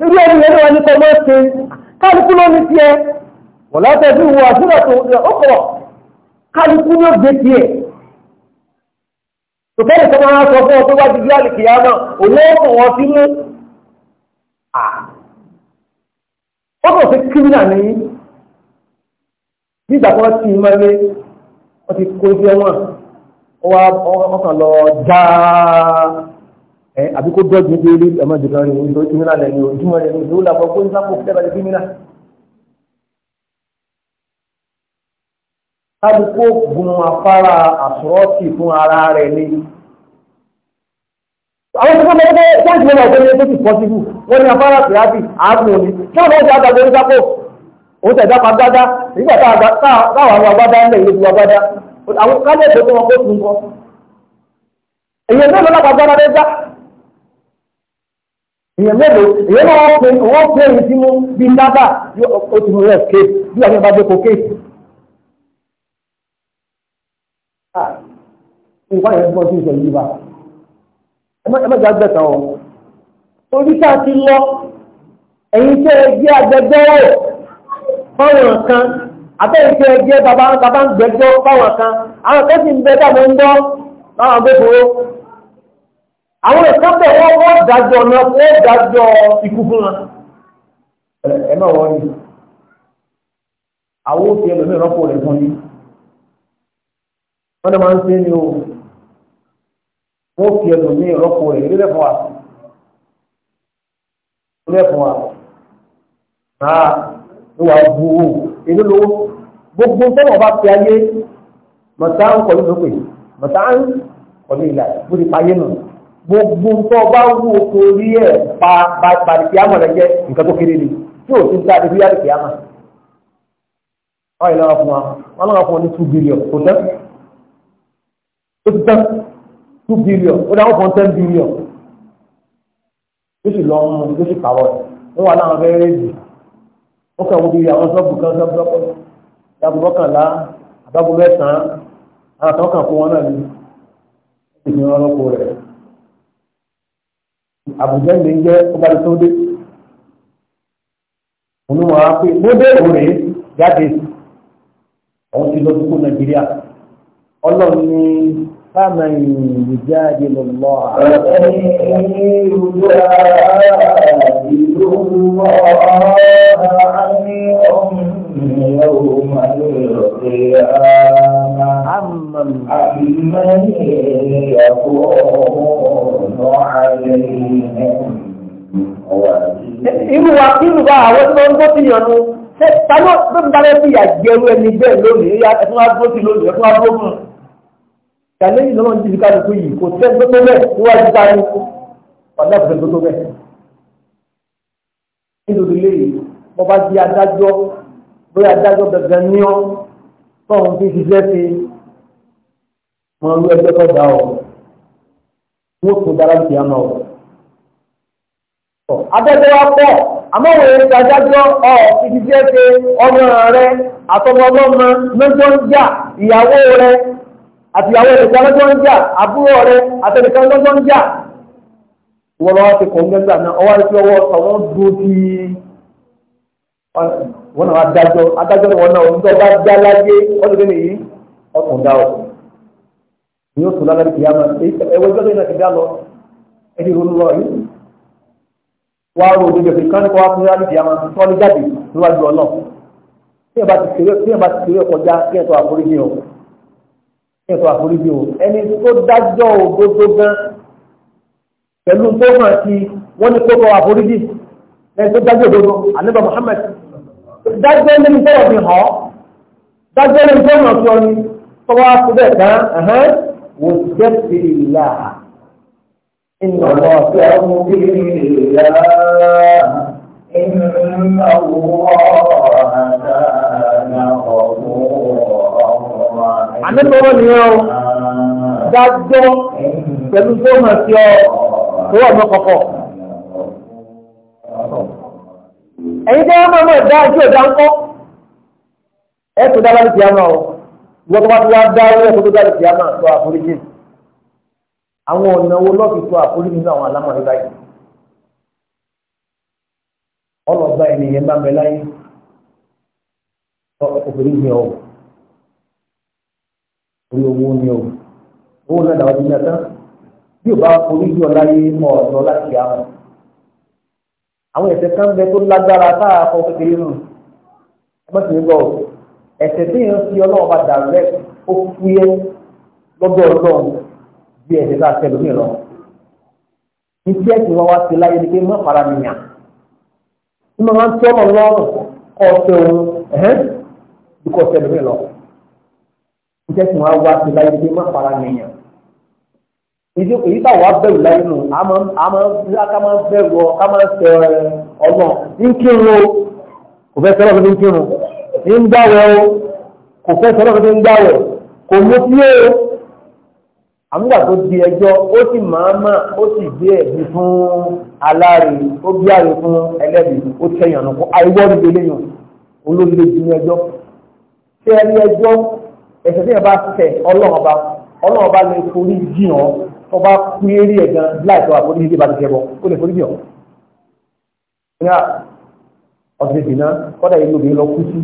irú ẹni yẹn náà ní kọ́ máa ṣe kálukú ló ní tiẹ̀ wọ̀lá tẹ̀sí wo àṣírà tó ó kọ̀ kálukú ló gbé tiẹ̀. tòkẹ́lẹ̀ tó máa sọ fún ọ tó bá di gíláàlì kìyà náà òun ó kàn wọ́n sínú. ó kàn sí kíríà nìyí nígbà kan tí ìmọ̀ ilé wọ́n ti kó sí ẹ̀wọ̀n ọkàn lọ dáa ẹ̀ àbí kó dọ́jú dé ilé ẹ̀mọ́ ìdìbò rẹ̀ ní ojú mílà lẹ́yìn ojúmọ́ rẹ̀ ní ìlú làbọ̀ kó nípa kó fẹ́ẹ́ bá ti mílà. kábùkó gun afárá àsọ̀rọ̀tì fún ara rẹ̀ ni. àwọn tó kọ́ bẹ́ẹ̀ sáǹtì mẹ́ta ọ̀gbẹ́ni tó ti pọ́sibú wọ́n ní afárá tìrápì àágùn òní kí wọ́n bá ti àgbàdo ní sápò òun tẹ̀ dápa dáadáa nígbà táwọn àwọn agbádá ń lẹ̀ ilé ìlú agbádá àwọn kálẹ̀ tó wọn kó tún kọ́ èyàn mélòó lápá gbára dé dá èyàn mélòó èyàn náà wọ́n pe wọ́n pe èyí tí mú bí nábà ó ti mú rẹ̀ ké bí wàá ní bá dé kó ké. nǹkan yẹn tí wọ́n ti ń sọ yìí bá ẹ má jẹ́ àgbẹ̀tàn o torí ká ti lọ ẹ̀yin tẹ́ ẹ jẹ́ agbẹjọ́rò fáwọn kan abẹ́ẹ̀kẹ́ ẹgbẹ́ bàbá bàbá ń gbẹ́jọ́ báwọn kan àwọn kan sì ń bẹ dàmú ń bọ́ báwọn gbẹ́kúrò àwọn ẹ̀kọ́ bẹ̀ wọ́n wọ́n dájọ́ ọ̀nà wọ́n dájọ́ ikú fún wọn. ẹ náà wọ́n ní àwọn òfin ẹlòmíràn rọ́pò rẹ̀ fún yín wọ́n máa ń ṣe ni o wọ́n èlò lówó gbogbo tọ́wọ̀ bá fi ayé mọ̀tá ń kọlu lókè mọ̀tá ń kọlu ìlà bó ti fàyè nù gbogbo tọ́ bá wú oko rí ẹ̀ pa bàdìkì àmọ̀ rẹ̀ jẹ́ nǹkan tó kéré ni tí ò ti ń ta àdìkì àdìkì àmọ̀ ọ̀yìn lọ́wọ́ fún wa wọ́n lọ́wọ́ fún wa ní two billion kò tán ó ti tán two billion ó dáwọ́ fún ten billion ó sì lọ́ mú ó sì kàwọ́ ẹ̀ wà láwọn fẹ́ẹ́ rẹ́ẹ̀dì ó kàn wọ́n bí àwọn sọ́ọ̀bù kan sọ́ọ̀bù lọ́pọ̀ ìyàbò mọ́kànlá àbábò mẹ́sàn-án àwọn àtàwọn kan fún wọn náà ní ìpínlẹ̀ ọlọ́pọ̀ rẹ̀ àbùjá ìlú ń jẹ́ ọba lè tó dé òun wọn á pé mo dé òun rèé jáde àwọn ti lọ dúkú nàìjíríà ọlọ́run ní fáàmà ìrìn ìjáde lọ́lọ́ àwọn ọmọ ìrìn ìrìn ìrìn يوم القيامة عمن يكون عليهم irú wa kí irú bá àwọn tó ń bó ti yànnú ṣe tánú tó ń dáná sí àjẹrú ẹni bẹ́ẹ̀ lónìí ya ẹ̀fún wa bó lónìí ẹ̀fún wa bó mú un. ìyàlẹ́yìn lọ́wọ́ ń jìbìkà lóko yìí kò tẹ́ tó tó bẹ́ẹ̀ níwájú ta ni ọ̀dọ́ kò tẹ́ tó tó bẹ́ẹ̀ nítorí léyìí wọ́n bá di adájọ́ lórí adájọ́ gẹ́gẹ́ ní ọ́ tọ́hún fi ṣiṣẹ́ sí wọn rú ẹgbẹ́ tó dá ọ wọ́n tó dára jù yánà ọ. adájọ́ wa pọ̀ àmọ́ wọ́n yẹn ti adájọ́ ọ fi ṣiṣẹ́ sí ọmọ rẹ àtọmọ ọlọ́mọ lọ́jọ́ ń jà ìyàwó rẹ àtìyàwó rẹ ìjà lọ́jọ́ ń jà àbúrò rẹ àtẹnìkan lọ́jọ́ ń jà wọ́n lọ́wọ́ ti kọ̀ ńgbẹ́gbà náà ọwọ́ àti ọwọ́ àwọn dúró tí wọ́n náà adájọ́ adájọ́ ni wọ́n náà ń dọ́gba já láyé ọdún tó nìyí ọkùn dá ọkùn ní oṣù lágbàdì kìí àmà ẹwọ́ ìjọba yìí náà ti dá lọ ẹni ronú lọ yìí wá ro òdodo ìfẹ́ kan nípa wá fún lágbàdì kìí àmà tó wá ní jáde níwájú ọlọ́ tí ẹ bá ti kéré kọjá kí ẹ tó àforíjì o ẹni tó dájọ́ òdodo gan pẹ̀lú tó hàn sí wọ́n ní kó kọ́ àforíjì lẹ́yìn tó dájú òdodo àníbà Muhammad dájú ẹni tó wọ́n fi hàn ọ́ dájú ẹni tó hàn sí ọ ní tọ́wọ́ síbẹ̀ kan ẹ̀hẹ́n wò jẹ́ sí ìlà ìnà ọ̀rọ̀ sí ọmọ bí ìlà ìnà ọ̀rọ̀ àdáná ọ̀rọ̀ àníbà wọn ni ọ dájọ́ pẹ̀lú tó hàn sí ọ kó wà mọ́ kọ̀kọ̀. ẹ̀yin tẹ́ wọ́n máa mọ̀ dá ojú ọ̀dà ńkọ́ ẹ̀ tó dábàá ní kìámà o wọ́n tó bá ti wá dá orí ẹ̀ tó dábàá ní kìámà tó àforíjì àwọn ọ̀nà wo lọ́ọ̀fì tó àforíjì nínú àwọn alámọ̀ nígbà yìí ọlọ́ọ̀gbá ènìyàn bá bẹ láyé obìnrin ni o orí owó ni o owó náà làwọn ti ní ẹ̀tàn bí o bá forí jù ọ̀la yé ọ̀dọ́ láti àwọn àwọn ẹ̀ṣẹ̀ kan bẹ tó lágbára tá a kọ kékeré nù ẹgbẹ́ tí ń gbọ́ ẹ̀ṣẹ̀ tí yẹn fi ọlọ́run bá dà rẹ ó fúyẹ́ lọ́dọ̀ ọlọ́run bí ẹ̀ṣẹ̀ tá a tẹ̀lé mi lọ. iṣẹ́ ẹ̀sìn wọn wá sí láyé ni pé má fara mi yàn ní mo máa ń tọ́ ọ̀nà lọ́rùn kọ́ ọ̀sẹ̀ òun ẹ̀hẹ́n bí kò tẹ̀lé mi lọ. iṣẹ́ ẹ̀sìn wọn wá sí láyé ni pé má fara mi yàn ìdí èyí táwọn abẹ́rù láyé nù àmọ́ ká máa bẹ̀rù ọ ká máa fẹ́ ọmọ ń o kò fẹ́ sọ́lọ́ fún ń kírun o kò fẹ́ sọ́lọ́ fún ń gbàwẹ̀ kò mú sí o àmúgbà tó di ẹjọ́ ó sì máa mà ó sì gbé ẹ̀bí fún aláàrẹ ó bí ààrẹ fún ẹlẹ́bí ó tẹ̀yàn nù kó àìwọ́ níbi eléyàn olóríire ju ẹjọ́ ṣé ẹni ẹjọ́ ẹ̀sẹ̀ tí yẹn bá tẹ̀ ọlọ́run ọba ọlọ́run ọba lè forí jìn ọ́ ọba kú eré ẹ̀ gan láìpẹ́ àforíjì tí bá ti jẹ́bọ ó lè foríjì ọ̀ ní ọ̀sẹ̀ ìdìnnà kọ́dà yìí lóbi lọ kú sí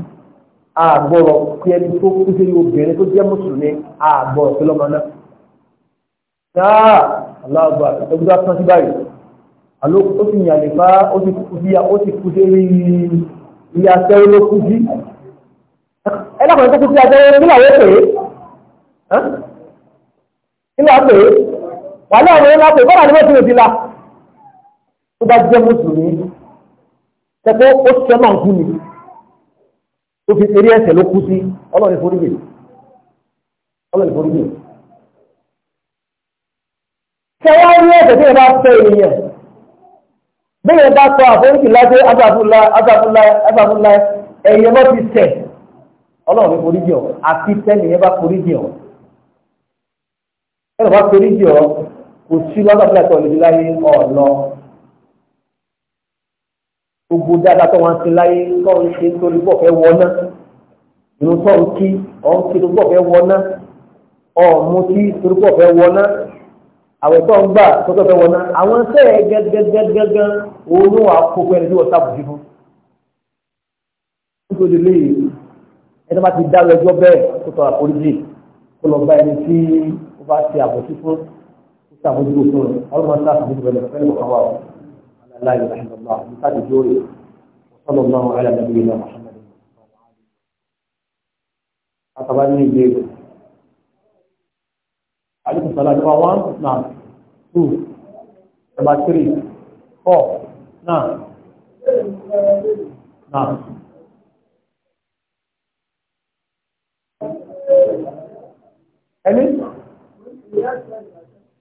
àgbọ̀rọ̀ kí ẹni tó kú sí obìnrin tó jẹ́ mùsùlùmí àgbọ̀rọ̀ sí lọ́mọ náà. Náà aláàbà ẹgbẹ́ tán sí báyìí. Àló ó ti yàn nípa ó ti kú sí ó ti kú sí eré ilé aṣẹ́ ó ló kú sí. Ẹ lápá ní tó kú sí aṣẹ́ ó nílò àwọn èpè. Nílò àpè. wà láàrin ńlá pé bọ́lá ni wọ́n ti la tó bá jẹ́ mùsùlùmí tẹ́kọ́ ó ṣẹ́ náà kú ni tó fi eré ẹsẹ̀ ló kú sí rí ẹ̀sẹ̀ tí yẹn bá fẹ́ bí yẹn bá sọ àforíkì láti azàfúnlá azàfúnlá azàfúnlá bá ti ọ̀ àti kò sí lọ́dọ̀ tí ẹ̀tọ́ lèbi láyé ọ̀lọ́ gbogbo dáadáa tó wọn ti láyé tó ń ṣe nítorí bọ̀ fẹ́ wọná ìlú tó ń kí ọ̀ ń kí tó bọ̀ fẹ́ wọná ọ̀ mú kí torí bọ̀ fẹ́ wọná àwẹ̀ tó ń gbà tó tó fẹ́ wọná àwọn sẹ́ẹ̀ gẹ́gẹ́gẹ́gẹ́ òórùn àkókò ẹni tí wọ́n sábà fi fún. nítorí lè ẹni bá ti dá lọ ẹjọ́ bẹ́ẹ̀ tó tọ́ àforíjì kó lọ bá ẹni tí ó bá ti àbòsí fún sàmójúkò fún rẹ̀ ọlọ́mọ sá sàmójúkò rẹ̀ fẹ́ẹ́ lọ́wọ́ wa aláìláì rahimahullah nípa ti jóore sọlọ náà wọn àlàyé nàbí yẹn Muhammad àtàwọn ní ìbéèrè alaikum salaam nípa one na two number three four na na. Ẹni.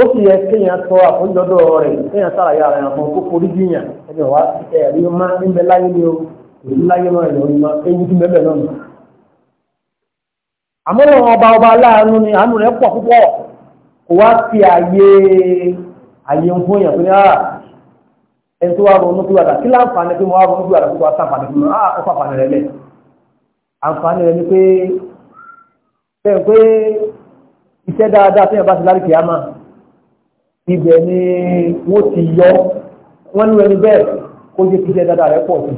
ó sì yẹ kéèyàn sọ àfojọdọ rẹ kéèyàn sàlàyé ara yẹn fún kó forí jiyàn ẹni wá ẹrí ọmọ ẹnbẹ láyé ni o èyí láyé náà ẹ̀rọ ìmọ̀ ẹyin tí bẹ́ẹ̀ náà àmọ́ ọba ọba aláàánú ni àánú rẹ̀ pọ̀ púpọ̀ kò wá sí àyè àyè ń fún yàn fún yàrá ẹni tó wá ronú kúrò àdá kí láǹfààní pé mo wá ronú kúrò àdá kúrò àtàǹfààní fún mi á ah, ó fàǹfààní rẹ lẹ ni pé bẹ́ẹ̀ pé iṣẹ́ ibẹ̀ ni wọ́n ti yọ wọ́n ní ẹni bẹ́ẹ̀ kó jẹ́ kí iṣẹ́ dáadáa rẹ̀ pọ̀ sí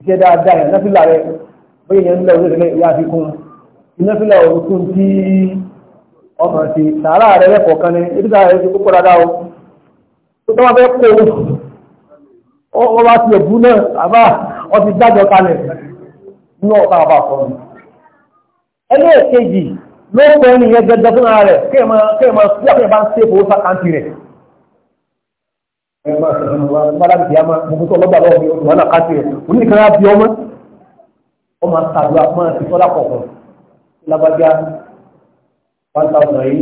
iṣẹ́ dáadáa rẹ̀ náfìlà rẹ̀ bóyá ìyẹn ń lọ orí rẹ̀ yá fi kún náfìlà òkun tí ọmọ ti sàárà rẹ̀ lẹ́kọ̀ọ́ kan ní ibi sàárà rẹ̀ ti kókó dáadáa o tó tọ́wọ́ fẹ́ kó wọ́n bá ti ẹ̀bú náà àbá wọ́n ti dájọ́ kalẹ̀ ní ọ̀pá àbá kan ẹlẹ́ẹ̀kejì ló pẹ́ ní yẹn gẹ́gẹ́ fún ara rẹ̀ kéèmọ̀ kéèmọ̀ sí àpẹẹ bá ń ṣe fowó sákàntì rẹ̀ ẹgbẹ́ ìgbàlábìtì àmà gbogbo tó lọ́gbà lọ́wọ́ mi wọ́n náà kàtì rẹ̀ oníkàrà bí ọmọ ọmọ àtàdúrà máa ti tọ́lá kọ̀ọ̀kan lábájá one thousand yìí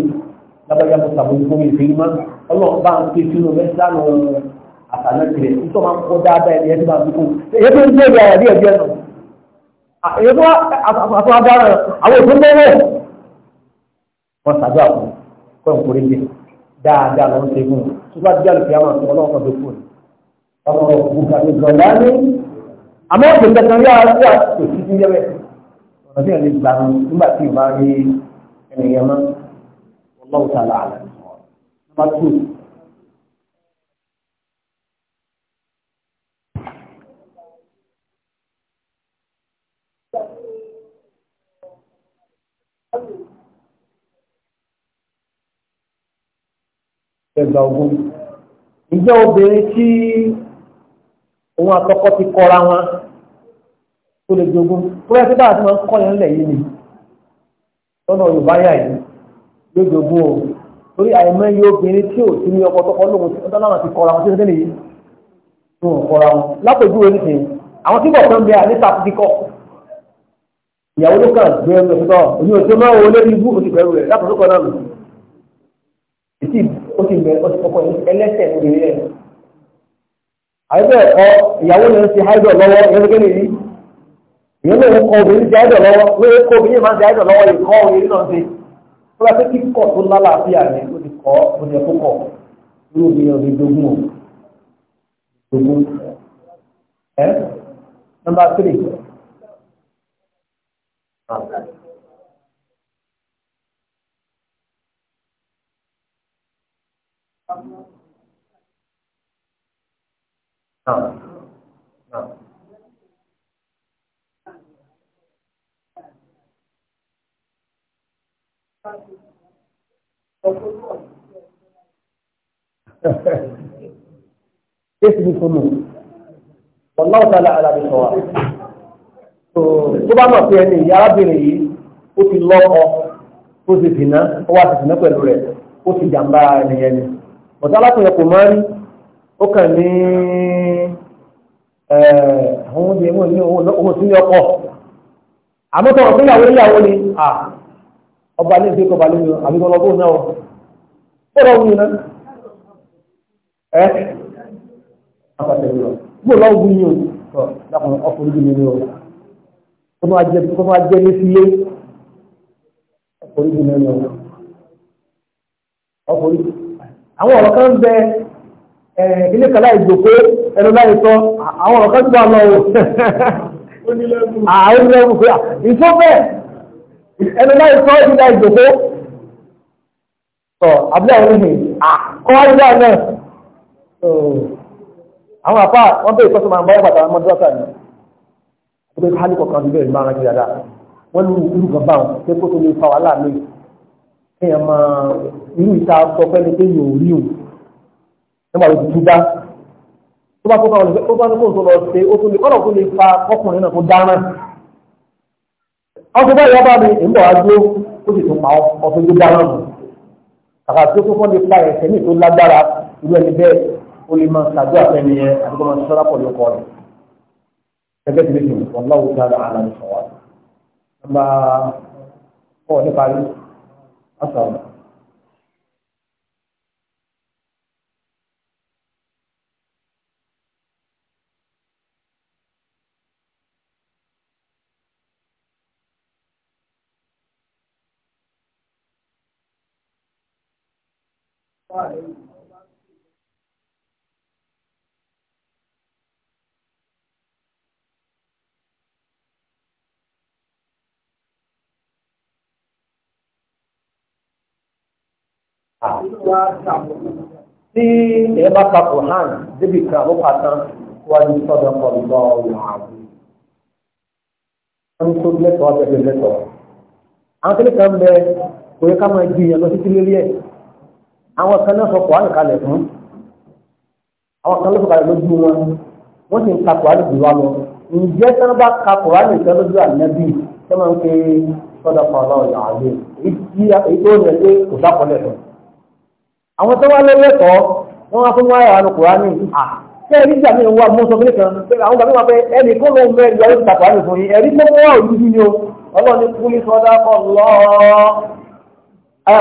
lábájá mo sàbójú fún mi ìfèyí mọ́ ọlọ́run bá ń pè sínú mẹ́sàn-án àtàlẹ́ tirẹ̀ nítorí máa ń kọ́ dáadáa ẹni ẹni máa ń dúkú èyí tó ń gbé ìyá rẹ̀ díẹ̀ díẹ̀ nù wọn ṣàdúrà fún kọ́ ìkórè jẹ dáadáa ló ń ṣe fún un ṣùgbọ́n àti jálùkì àwọn àti ọlọ́run kan tó kù ní ọmọ òkú kàdé gbọ̀ngà ní àmọ́ òkè kankan yá sí àtúntò sí ti yẹ́wẹ́ ọ̀nà tí yẹn lè gbà nígbà tí ìbá rí ẹnìyẹn mọ́ ọlọ́run tààlà àlẹ́ nọ́mbà two ẹgbà ogún ìjọ obìnrin tí òun àtọkọ ti kọra wọn tó lè jogún kúrẹ́ sí báyìí tí wọ́n ń kọ́ yẹn lẹ̀ yìí ni lọ́nà Yorùbá yà yìí ló jogún o torí àìmọye obìnrin tí ò sí ní ọkọ tọkọ lóhun tí wọ́n ti kọra wọn tí wọ́n ti nìyí tó ń kọra wọn lápèjúwe nísìnyí àwọn tí kò tán bẹ àníta ti kọ́ ìyàwó ló kàn gbé ẹgbẹ́ fúnpọ̀ òní òṣèlú máa wọlé ibú òṣìṣẹ́ ó ti bẹ̀rẹ̀ ọtí kọ́kọ́ yìí ẹlẹ́sẹ̀ ń bèrè ẹ̀. àyẹ̀bẹ̀ ẹ̀kọ́ ìyàwó yẹn ń ṣe háìdọ̀ lọ́wọ́ yẹn gẹ́gẹ́ nìyí ìyẹn lè kọ́ obìnrin ṣe háìdọ̀ lọ́wọ́ lóye kó obìnrin máa ṣe háìdọ̀ lọ́wọ́ yìí kọ́ obìnrin náà ṣe tó bá fẹ́ kí kọ̀ tó lálàáfíà rẹ̀ ó ti kọ́ ó ti ẹ̀kọ́ kọ̀ irú mi ò ní dogun o dogun ẹ nọ́mbà tírì. نعم نعم يثبت النور والله تعالى على بالصواب tó bá mọ̀ pé ẹni ìyá arábìnrin yìí ó ti lọ́kọ ó ti dìná ó wá ti dìná pẹ̀lú rẹ̀ ó ti jàǹbá ẹnìyẹn ni bọ̀tá alákùnrin kò máa ń ó kàn ní àwọn oúnjẹ ìwọ̀n ní owó sí ọkọ̀ àmọ́tọ̀ ọ̀sán ìyàwó ìyàwó ni ọba ní ìdíkọ̀ ọba lóyún àbíkọ̀ ọlọ́gbọ́n náà bọ́ọ̀lọ́ wù náà ẹ́ àpàtẹ̀ ìrọ̀ bọ́ọ̀lọ́ wù ní o dákùn ọkùnrin bí mi ní o kó máa jẹ kó máa jẹ ní sílé ọkùnrin bí mi ní o ọkùnrin àwọn ọ̀rọ̀ kan bẹ ilé kan láì jòkó ẹnu láì sọ àwọn ọ̀rọ̀ kan gbà lọ àwọn onílẹ̀kùn pé ìfọ́ bẹ́ẹ̀ ẹnu láì sọ ẹnu láì jòkó tọ̀ abúlé àwọn oníhìn àkọ́ àìgbà náà àwọn àpá wọn bẹ̀rẹ̀ pẹ́sọ́ máa ń báyọ̀ pàtàkì ọmọdé ọ̀sán ni ó bẹ́ẹ̀ kálí kọ̀ọ̀kan bíbẹ̀ ìgbà ara kìlá wọ́n ní irú báwọn pé tó lè fa wàhálà irú ìta sọ pẹ́ni pé yóò rí òun nígbà tó ti tú dá tó bá tó bá wọlé ó bá ní kó tó lọ ṣe ó tó lè kọ́nà tó lè fa ọkùnrin náà tó dáná ọkùnrin báyìí wọ́n bá mi ń bọ̀ wá dúró ó sì tún pa ọkùnrin tó dáná nù kàkà tó tó fọ́n lè pa ẹ̀sẹ̀ ní tó lágbára irú ẹni bẹ́ẹ̀ ó lè máa ṣàjọ àfẹ́ni yẹn àti kó máa ṣọ́ra pọ̀ lóko rẹ̀ Tí ẹ bá ka Quran débi kan ó ka tán wájú sọ́dọ̀ kọ̀ọ̀lọ́ ọ̀hún àwọn. Wọ́n tó lẹ́tọ̀ọ́ bẹ̀rẹ̀ lẹ́tọ̀ọ́. Àwọn kìlì kan bẹ kò yẹ ká máa gbìyànjú títí lórí ẹ̀ àwọn kan náà sọ kùránì kalẹ̀ fún àwọn kan ló sọ kalẹ̀ lójú wọn wọ́n sì ń ka kùránì jù wá lọ ǹjẹ́ tí wọ́n bá ka kùránì kan lójú ànábì tí wọ́n pe sọ́dọ̀ kan náà yà á lé èyí tó yẹ pé kò sákọ̀ọ́lẹ̀ fún. àwọn tó wá lẹ́lẹ́kọ̀ọ́ wọ́n wá fún wọn àyà wọn kùránì à ṣé ẹ̀rí ìjà mi wà mú sọ fún mi àwọn bàbá wa pé ẹnì kó ló ń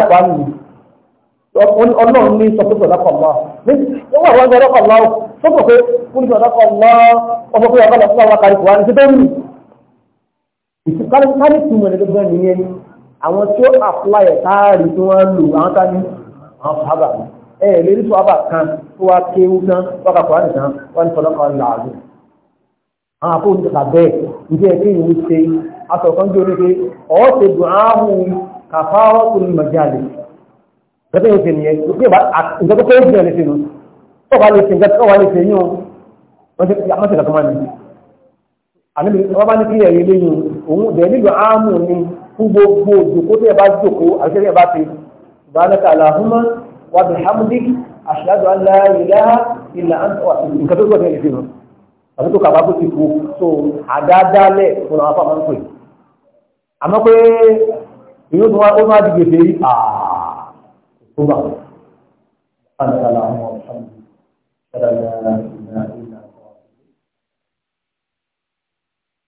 bẹ ni ọlọ́run ní sọ pé sọ̀dọ́kọ̀ lọ wọ́n wà wọ́n sọ̀dọ́kọ̀ lọ sọ́pọ̀ pé kúrú sọ̀dọ́kọ̀ lọ ọmọ pé ọ̀gá lọ́sọ́ àwọn kárí kùwá ní ti bẹ́ẹ̀ nù ìsìnkárí túmọ̀ ní gbogbo ẹni àwọn tí ó apply ẹ̀ káàrí tí wọ́n lò àwọn tá ní àwọn fàábà ẹ̀ lè rí fàábà kan tó wá kéwú kan wákà kùwá nìkan wọ́n ní sọ̀dọ́kọ̀ làálù àwọn àpò òǹtẹ̀kà bẹ́ẹ̀ ǹjẹ́ kí ìwé ṣe aṣọ kan jórí pé ọ̀ọ́ ṣe dùn áhùn kàfáwọ́ tó ní gbẹ́tẹ́ yóò ṣe nìyẹn pé nǹkan tó kéré jùlọ lè ṣe nù tó wà lè ṣe nǹkan tó wà lè ṣe yún wọ́n ṣe àmọ́ ṣe kankan máa nìyí. àníbi wọ́n bá ní kí ẹ̀rí léyìn òun bẹ̀ẹ́ nílò áàmù ni fún gbogbo òjòkó tó yẹ bá jòkó àṣẹ yẹ bá ṣe subhanaka allahumma wa bihamdik ashhadu an la ilaha illa anta nǹkan tó gbọ́dọ̀ lè ṣe nù àti tó kàbá tó ti kú so àdáadáalẹ̀ fún àwọn afọ àmọ́ pé àmọ́ pé ìyóò tó wá tó bá wọn.